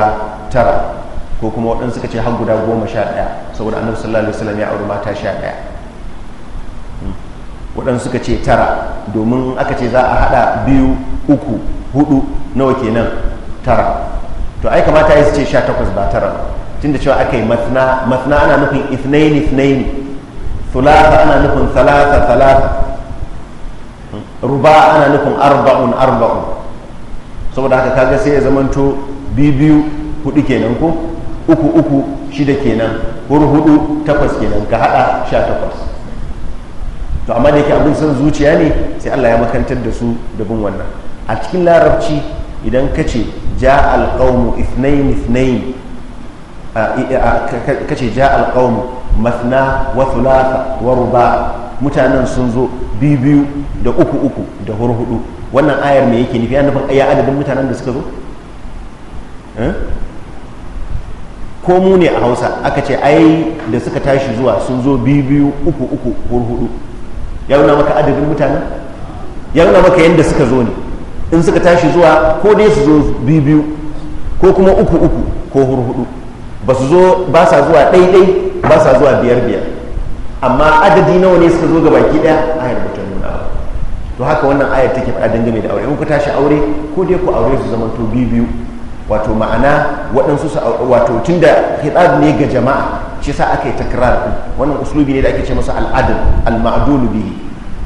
tara ko kuma waɗansu suka ce har guda goma sha ɗaya saboda annabi sallallahu alaihi wasallam ya auri mata sha ɗaya hmm. waɗansu suka ce tara domin aka ce za a haɗa biyu uku hudu nawa kenan tara to ai kamata ya ce sha takwas ba tara ba tunda cewa aka yi masna masna ana nufin ithnaini ithnaini thulatha ana nufin thalatha thalatha ruba ana nufin arba'un arba'un saboda haka kaga sai ya zamanto biyu biyu hudu kenan ko uku uku shida kenan huru hudu takwas kenan ka hada sha takwas to amma da yake abin son zuciya ne sai Allah ya makantar da su da bin wannan a cikin larabci idan ka ce ja al-qawmu ithnain ithnain kace ja alqawm mathna wa thulatha wa ruba mutanen sun zo biyu biyu da uku uku da hurhudu wannan ayar me yake nufi annabin ya adadin mutanen da suka zo ko mu ne a hausa aka ce ai da suka tashi zuwa sun zo biyu biyu uku uku hurhudu ya nuna maka adadin mutanen ya nuna maka yadda suka zo ne in suka tashi zuwa ko dai su zo biyu biyu ko kuma uku uku ko hurhudu ba su zo ba sa zuwa ɗaiɗai ba sa zuwa biyar biyar amma adadi nawa ne suka zo ga baki ɗaya ayar ba ta nuna ba to haka wannan ayar take faɗa dangane da aure in ku tashi aure ko dai ku aure su zama to biyu biyu wato ma'ana waɗansu su wato tunda hitsab ne ga jama'a shi sa aka yi takrar wannan uslubi ne da ake ce masa al'adul al-ma'dul bihi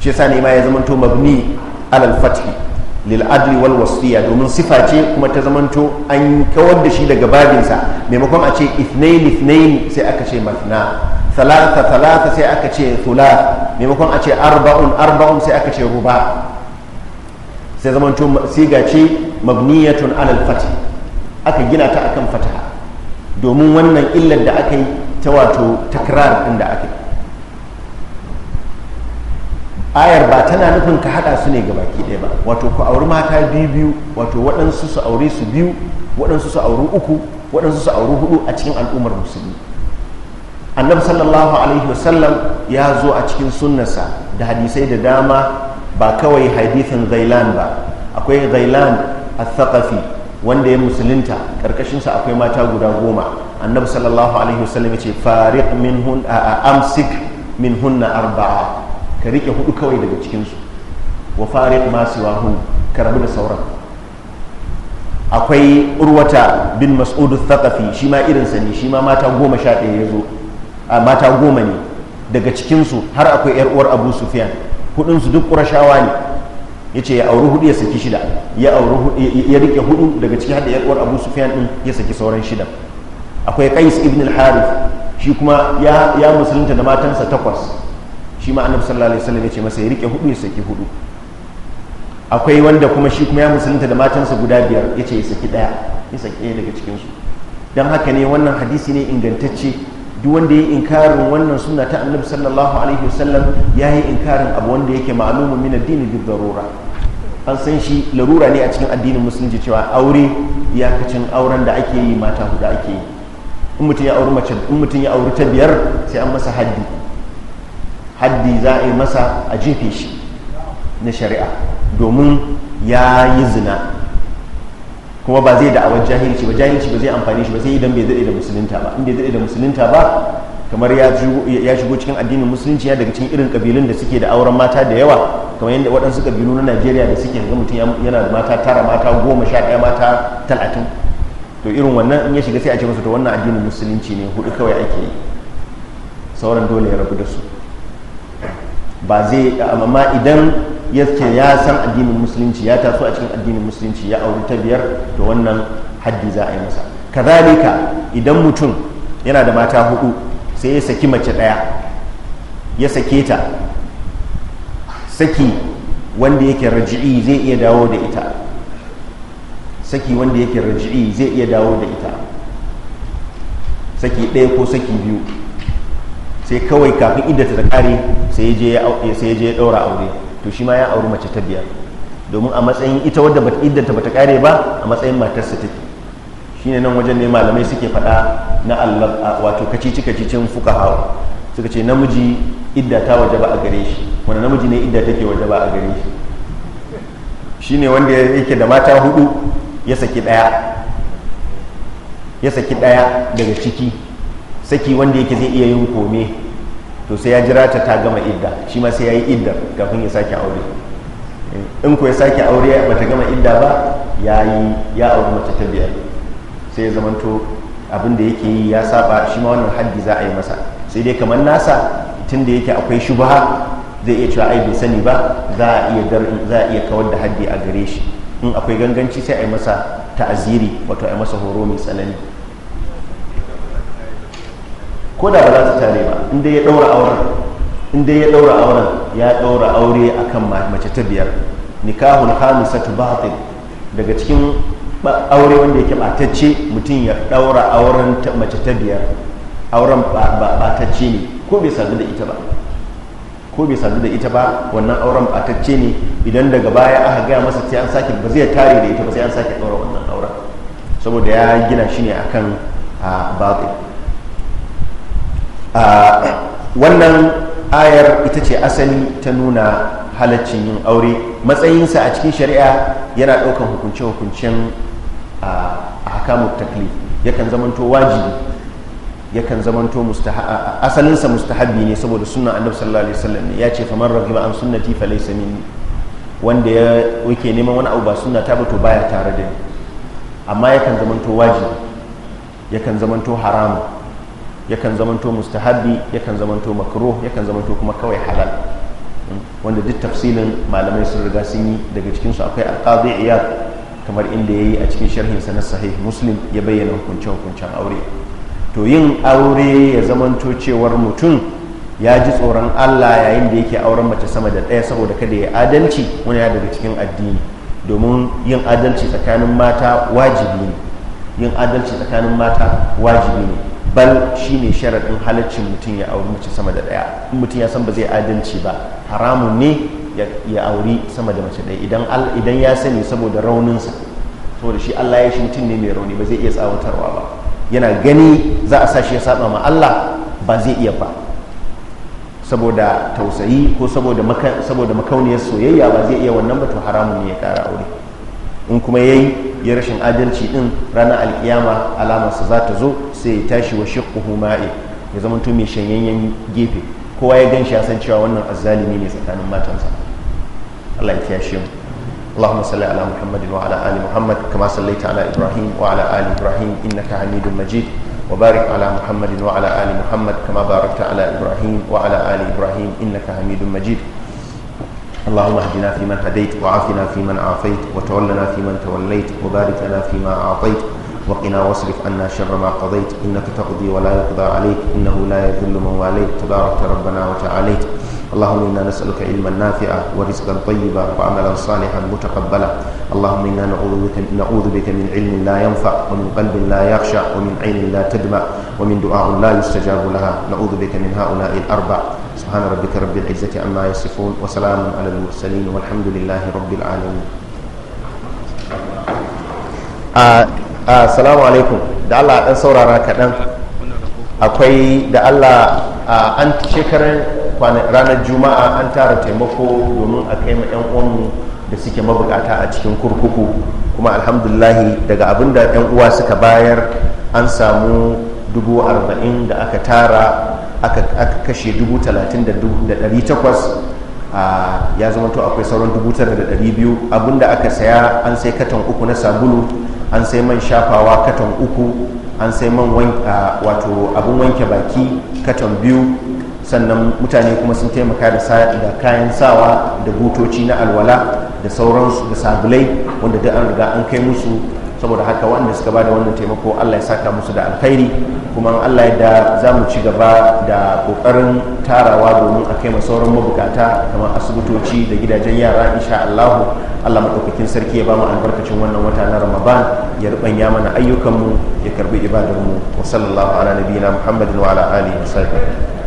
shi sa ne ma ya zama to mabni alal fathi lil adli wal wasfiya domin sifa ce kuma ta zamanto an kawar da shi daga babinsa maimakon a ce ithnain ithnain sai aka ce mafna thalatha sai aka ce thulath maimakon a ce arba'un arba'un sai aka ce ruba sai zamanto siga ce mabniyatun alal fath aka gina ta akan fataha domin wannan illar da aka yi ta wato takrar da ayar ba tana nufin ka hada su ne gabaki ɗaya ba wato ku auri mata biyu biyu wato waɗansu su aure su biyu waɗansu su auri uku waɗansu su auri hudu a cikin al'ummar musulmi annabi sallallahu alaihi wasallam ya zo a cikin sunnarsa da hadisai da dama ba kawai hadithin zailan ba akwai zailan a thaqafi wanda ya musulunta karkashinsa akwai mata guda goma annabi sallallahu alaihi wasallam ya ce fariq minhun amsik minhunna arba'a ka rike hudu kawai daga cikinsu wa fari ma siwahu ka da sauran akwai urwata bin mas'udu thaqafi shi ma irinsa ne shi ma mata goma sha ɗaya ya zo a mata goma ne daga cikinsu har akwai yar uwar abu sufiyan hudunsu duk ƙurashawa ne ya ce ya auri hudu ya saki shida ya auri ya rike hudu daga ciki har da yar uwar abu sufiyan din ya saki sauran shida akwai qais ibn al-harith shi kuma ya musulunta da matansa takwas shi ma annabi sallallahu alaihi wasallam ya ce masa ya rike hudu ya saki hudu akwai wanda kuma shi kuma ya musulunta da matansa guda biyar ya ce ya saki daya ya saki daya daga su don haka ne wannan hadisi ne ingantacce duk wanda ya yi inkarin wannan suna ta annabi sallallahu alaihi wasallam ya yi inkarin abu wanda yake ma'lumun min addini bi darura an san shi larura ne a cikin addinin musulunci cewa aure ya kacin auren da ake yi mata huda ake yi in mutum ya auri mace in mutum ya auri ta biyar sai an masa haddi haddi za a yi masa a jefe shi na shari'a domin ya yi zina kuma ba zai da awon jahilci ba jahilci ba zai amfani shi ba sai idan bai da musulunta ba inda bai da musulunta ba kamar ya shigo cikin addinin musulunci ya daga cikin irin kabilun da suke da auren mata da yawa kamar yadda waɗansu kabilu na najeriya da suke ga mutum yana da mata tara mata goma sha ɗaya mata talatin to irin wannan in ya shiga sai a ce masa to wannan addinin musulunci ne hudu kawai ake yi sauran dole ya rabu da su ba zai amma idan ya ya san addinin musulunci ya taso a cikin addinin musulunci ya auri ta biyar da wannan haddi za a yi masa kazalika idan mutum yana da mata hudu sai ya saki mace daya ya sake ta saki wanda yake raji'i zai iya dawo da ita saki wanda yake raji'i zai iya dawo da ita saki ɗaya ko saki biyu sai kawai kafin iddata ta kare sai ya je ya daura aure to shi ma ya auri mace ta biyar domin a matsayin ita wadda bata iddata bata kare ba a matsayin matarsa take shine nan wajen ne malamai suke faɗa na Allah wato kacici kacicin fuqaha suka ce namiji idda ta waje ba a gare shi wanda namiji ne idda take waje ba a gare shi shine wanda yake da mata hudu ya saki daya ya saki daya daga ciki saki wanda yake zai iya yin kome to sai ya jira ta ta gama idda shi ma sai ya yi iddar kafin ya sake aure in ko ya sake aure ya bata gama idda ba ya yi ya auri mace ta biyar sai ya zamanto abin da yake yi ya saba shi ma wannan haddi za a yi masa sai dai kamar nasa tun da yake akwai shubha zai iya cewa ai bai sani ba za a iya za a iya kawar da haddi a gare shi in akwai ganganci sai a yi masa ta'aziri wato a yi masa horo mai tsanani ko da ba za su tare ba inda ya ɗaura auren inda ya ɗaura auren ya ɗaura aure akan mace ta biyar nikahul ba batil daga cikin aure wanda yake batacce mutum ya ɗaura auren mace ta biyar auren batacce ne ko bai sadu da ita ba ko bai sadu da ita ba wannan auren batacce ne idan daga baya aka gaya masa sai an sake ba zai tare da ita ba sai an sake ɗaura wannan auren saboda ya gina shi ne akan batil wannan ayar ita ce asali ta nuna halaccin yin aure matsayinsa a cikin shari'a yana ɗaukan hukunce-hukuncen a takli ya yakan zamanto wajibi yakan zamanto asalinsa mustahabi ne saboda sunan annabi sallallahu alaihi wasallam ya ce faman ragiba an sunnati fa laysa minni wanda ya wuke neman wani abu ba sunna ta bato baya tare da ni amma yakan zamanto wajibi yakan zamanto haramu yakan zamanto mustahabbi yakan zamanto makruh yakan zamanto kuma kawai halal wanda duk tafsilin malamai sun riga sun yi daga cikin su akwai alqadi iyad kamar inda yayi a cikin sharhin sa na sahih muslim ya bayyana hukuncin hukuncin aure to yin aure ya zamanto cewar mutum ya ji tsoron Allah yayin da yake auren mace sama da ɗaya saboda kada ya adalci wani ya daga cikin addini domin yin adalci tsakanin mata wajibi ne yin adalci tsakanin mata wajibi ne bal shi shine sharaɗin halaccin mutum ya auri mace sama da ɗaya in mutum ya san ba zai adalci ba haramun ne ya auri sama da mace ɗaya idan ya sani saboda rauninsa saboda shi Allah ya shi mutum ne mai rauni ba zai iya tsawatarwa ba yana gani za a sa shi ya saba ma Allah ba zai iya ba saboda tausayi ko saboda makauniyar soyayya ba zai iya wannan ba to haramun ne ya kara aure in kuma yayi ya rashin adalci din ranar alkiyama alamarsa za ta zo sai ya tashi wa shiƙuhu ma'i ya zama to mai shanyayyen gefe kowa ya gan shi ya san cewa wannan azzalimi ne tsakanin matansa Allah ya kiyashe mu Allahumma salli ala Muhammad wa ala ali Muhammad kama sallaita ala Ibrahim wa ala ali Ibrahim innaka Hamidum Majid wa barik ala Muhammad wa ala ali Muhammad kama barakta ala Ibrahim wa ala ali Ibrahim innaka Hamidum Majid اللهم اهدنا فيمن هديت وعافنا فيمن عافيت وتولنا فيمن توليت وبارك لنا فيما أعطيت وقنا واصرف عنا شر ما قضيت إنك تقضي ولا يقضى عليك إنه لا يذل من واليت تبارك ربنا وتعاليت اللهم إنا نسألك علما نافعا ورزقا طيبا وعملا صالحا متقبلا اللهم إنا نعوذ بك, نعوذ بك من علم لا ينفع ومن قلب لا يخشع ومن عين لا تدمع ومن دعاء لا يستجاب لها نعوذ بك من هؤلاء الأربع سبحان ربك رب العزة عما يصفون وسلام على المرسلين والحمد لله رب العالمين assalamu alaikum da allah dan saurara kaɗan akwai da allah an shekarar ranar juma'a an tara taimako domin a kai ma 'yan uwanmu da suke mabukata a cikin kurkuku kuma alhamdulahi daga abin da 'yan uwa suka bayar an samu dubu arba'in da aka tara aka kashe dubu talatin da dari takwas ya zama to akwai sauran dubu tara da dari biyu abin aka saya an sai katon uku na sabulu an sai man shafawa katon uku an sai man wato abin wanke baki katon biyu sannan mutane kuma sun taimaka da kayan sawa da butoci na alwala da sauransu da sabulai wanda duk an riga an kai musu saboda haka wanda suka ba da wannan taimako allah ya saka musu da alkhairi kuma allah ya da za mu ci gaba da ƙoƙarin tarawa domin a kai sauran mabukata kamar asibitoci da gidajen yara insha allahu allah maɗaukakin sarki ya ba mu albarkacin wannan wata na ramadan ya rubanya mana ayyukanmu ya karbi ibadarmu wa sallallahu ala nabiyina muhammadin wa ala alihi wa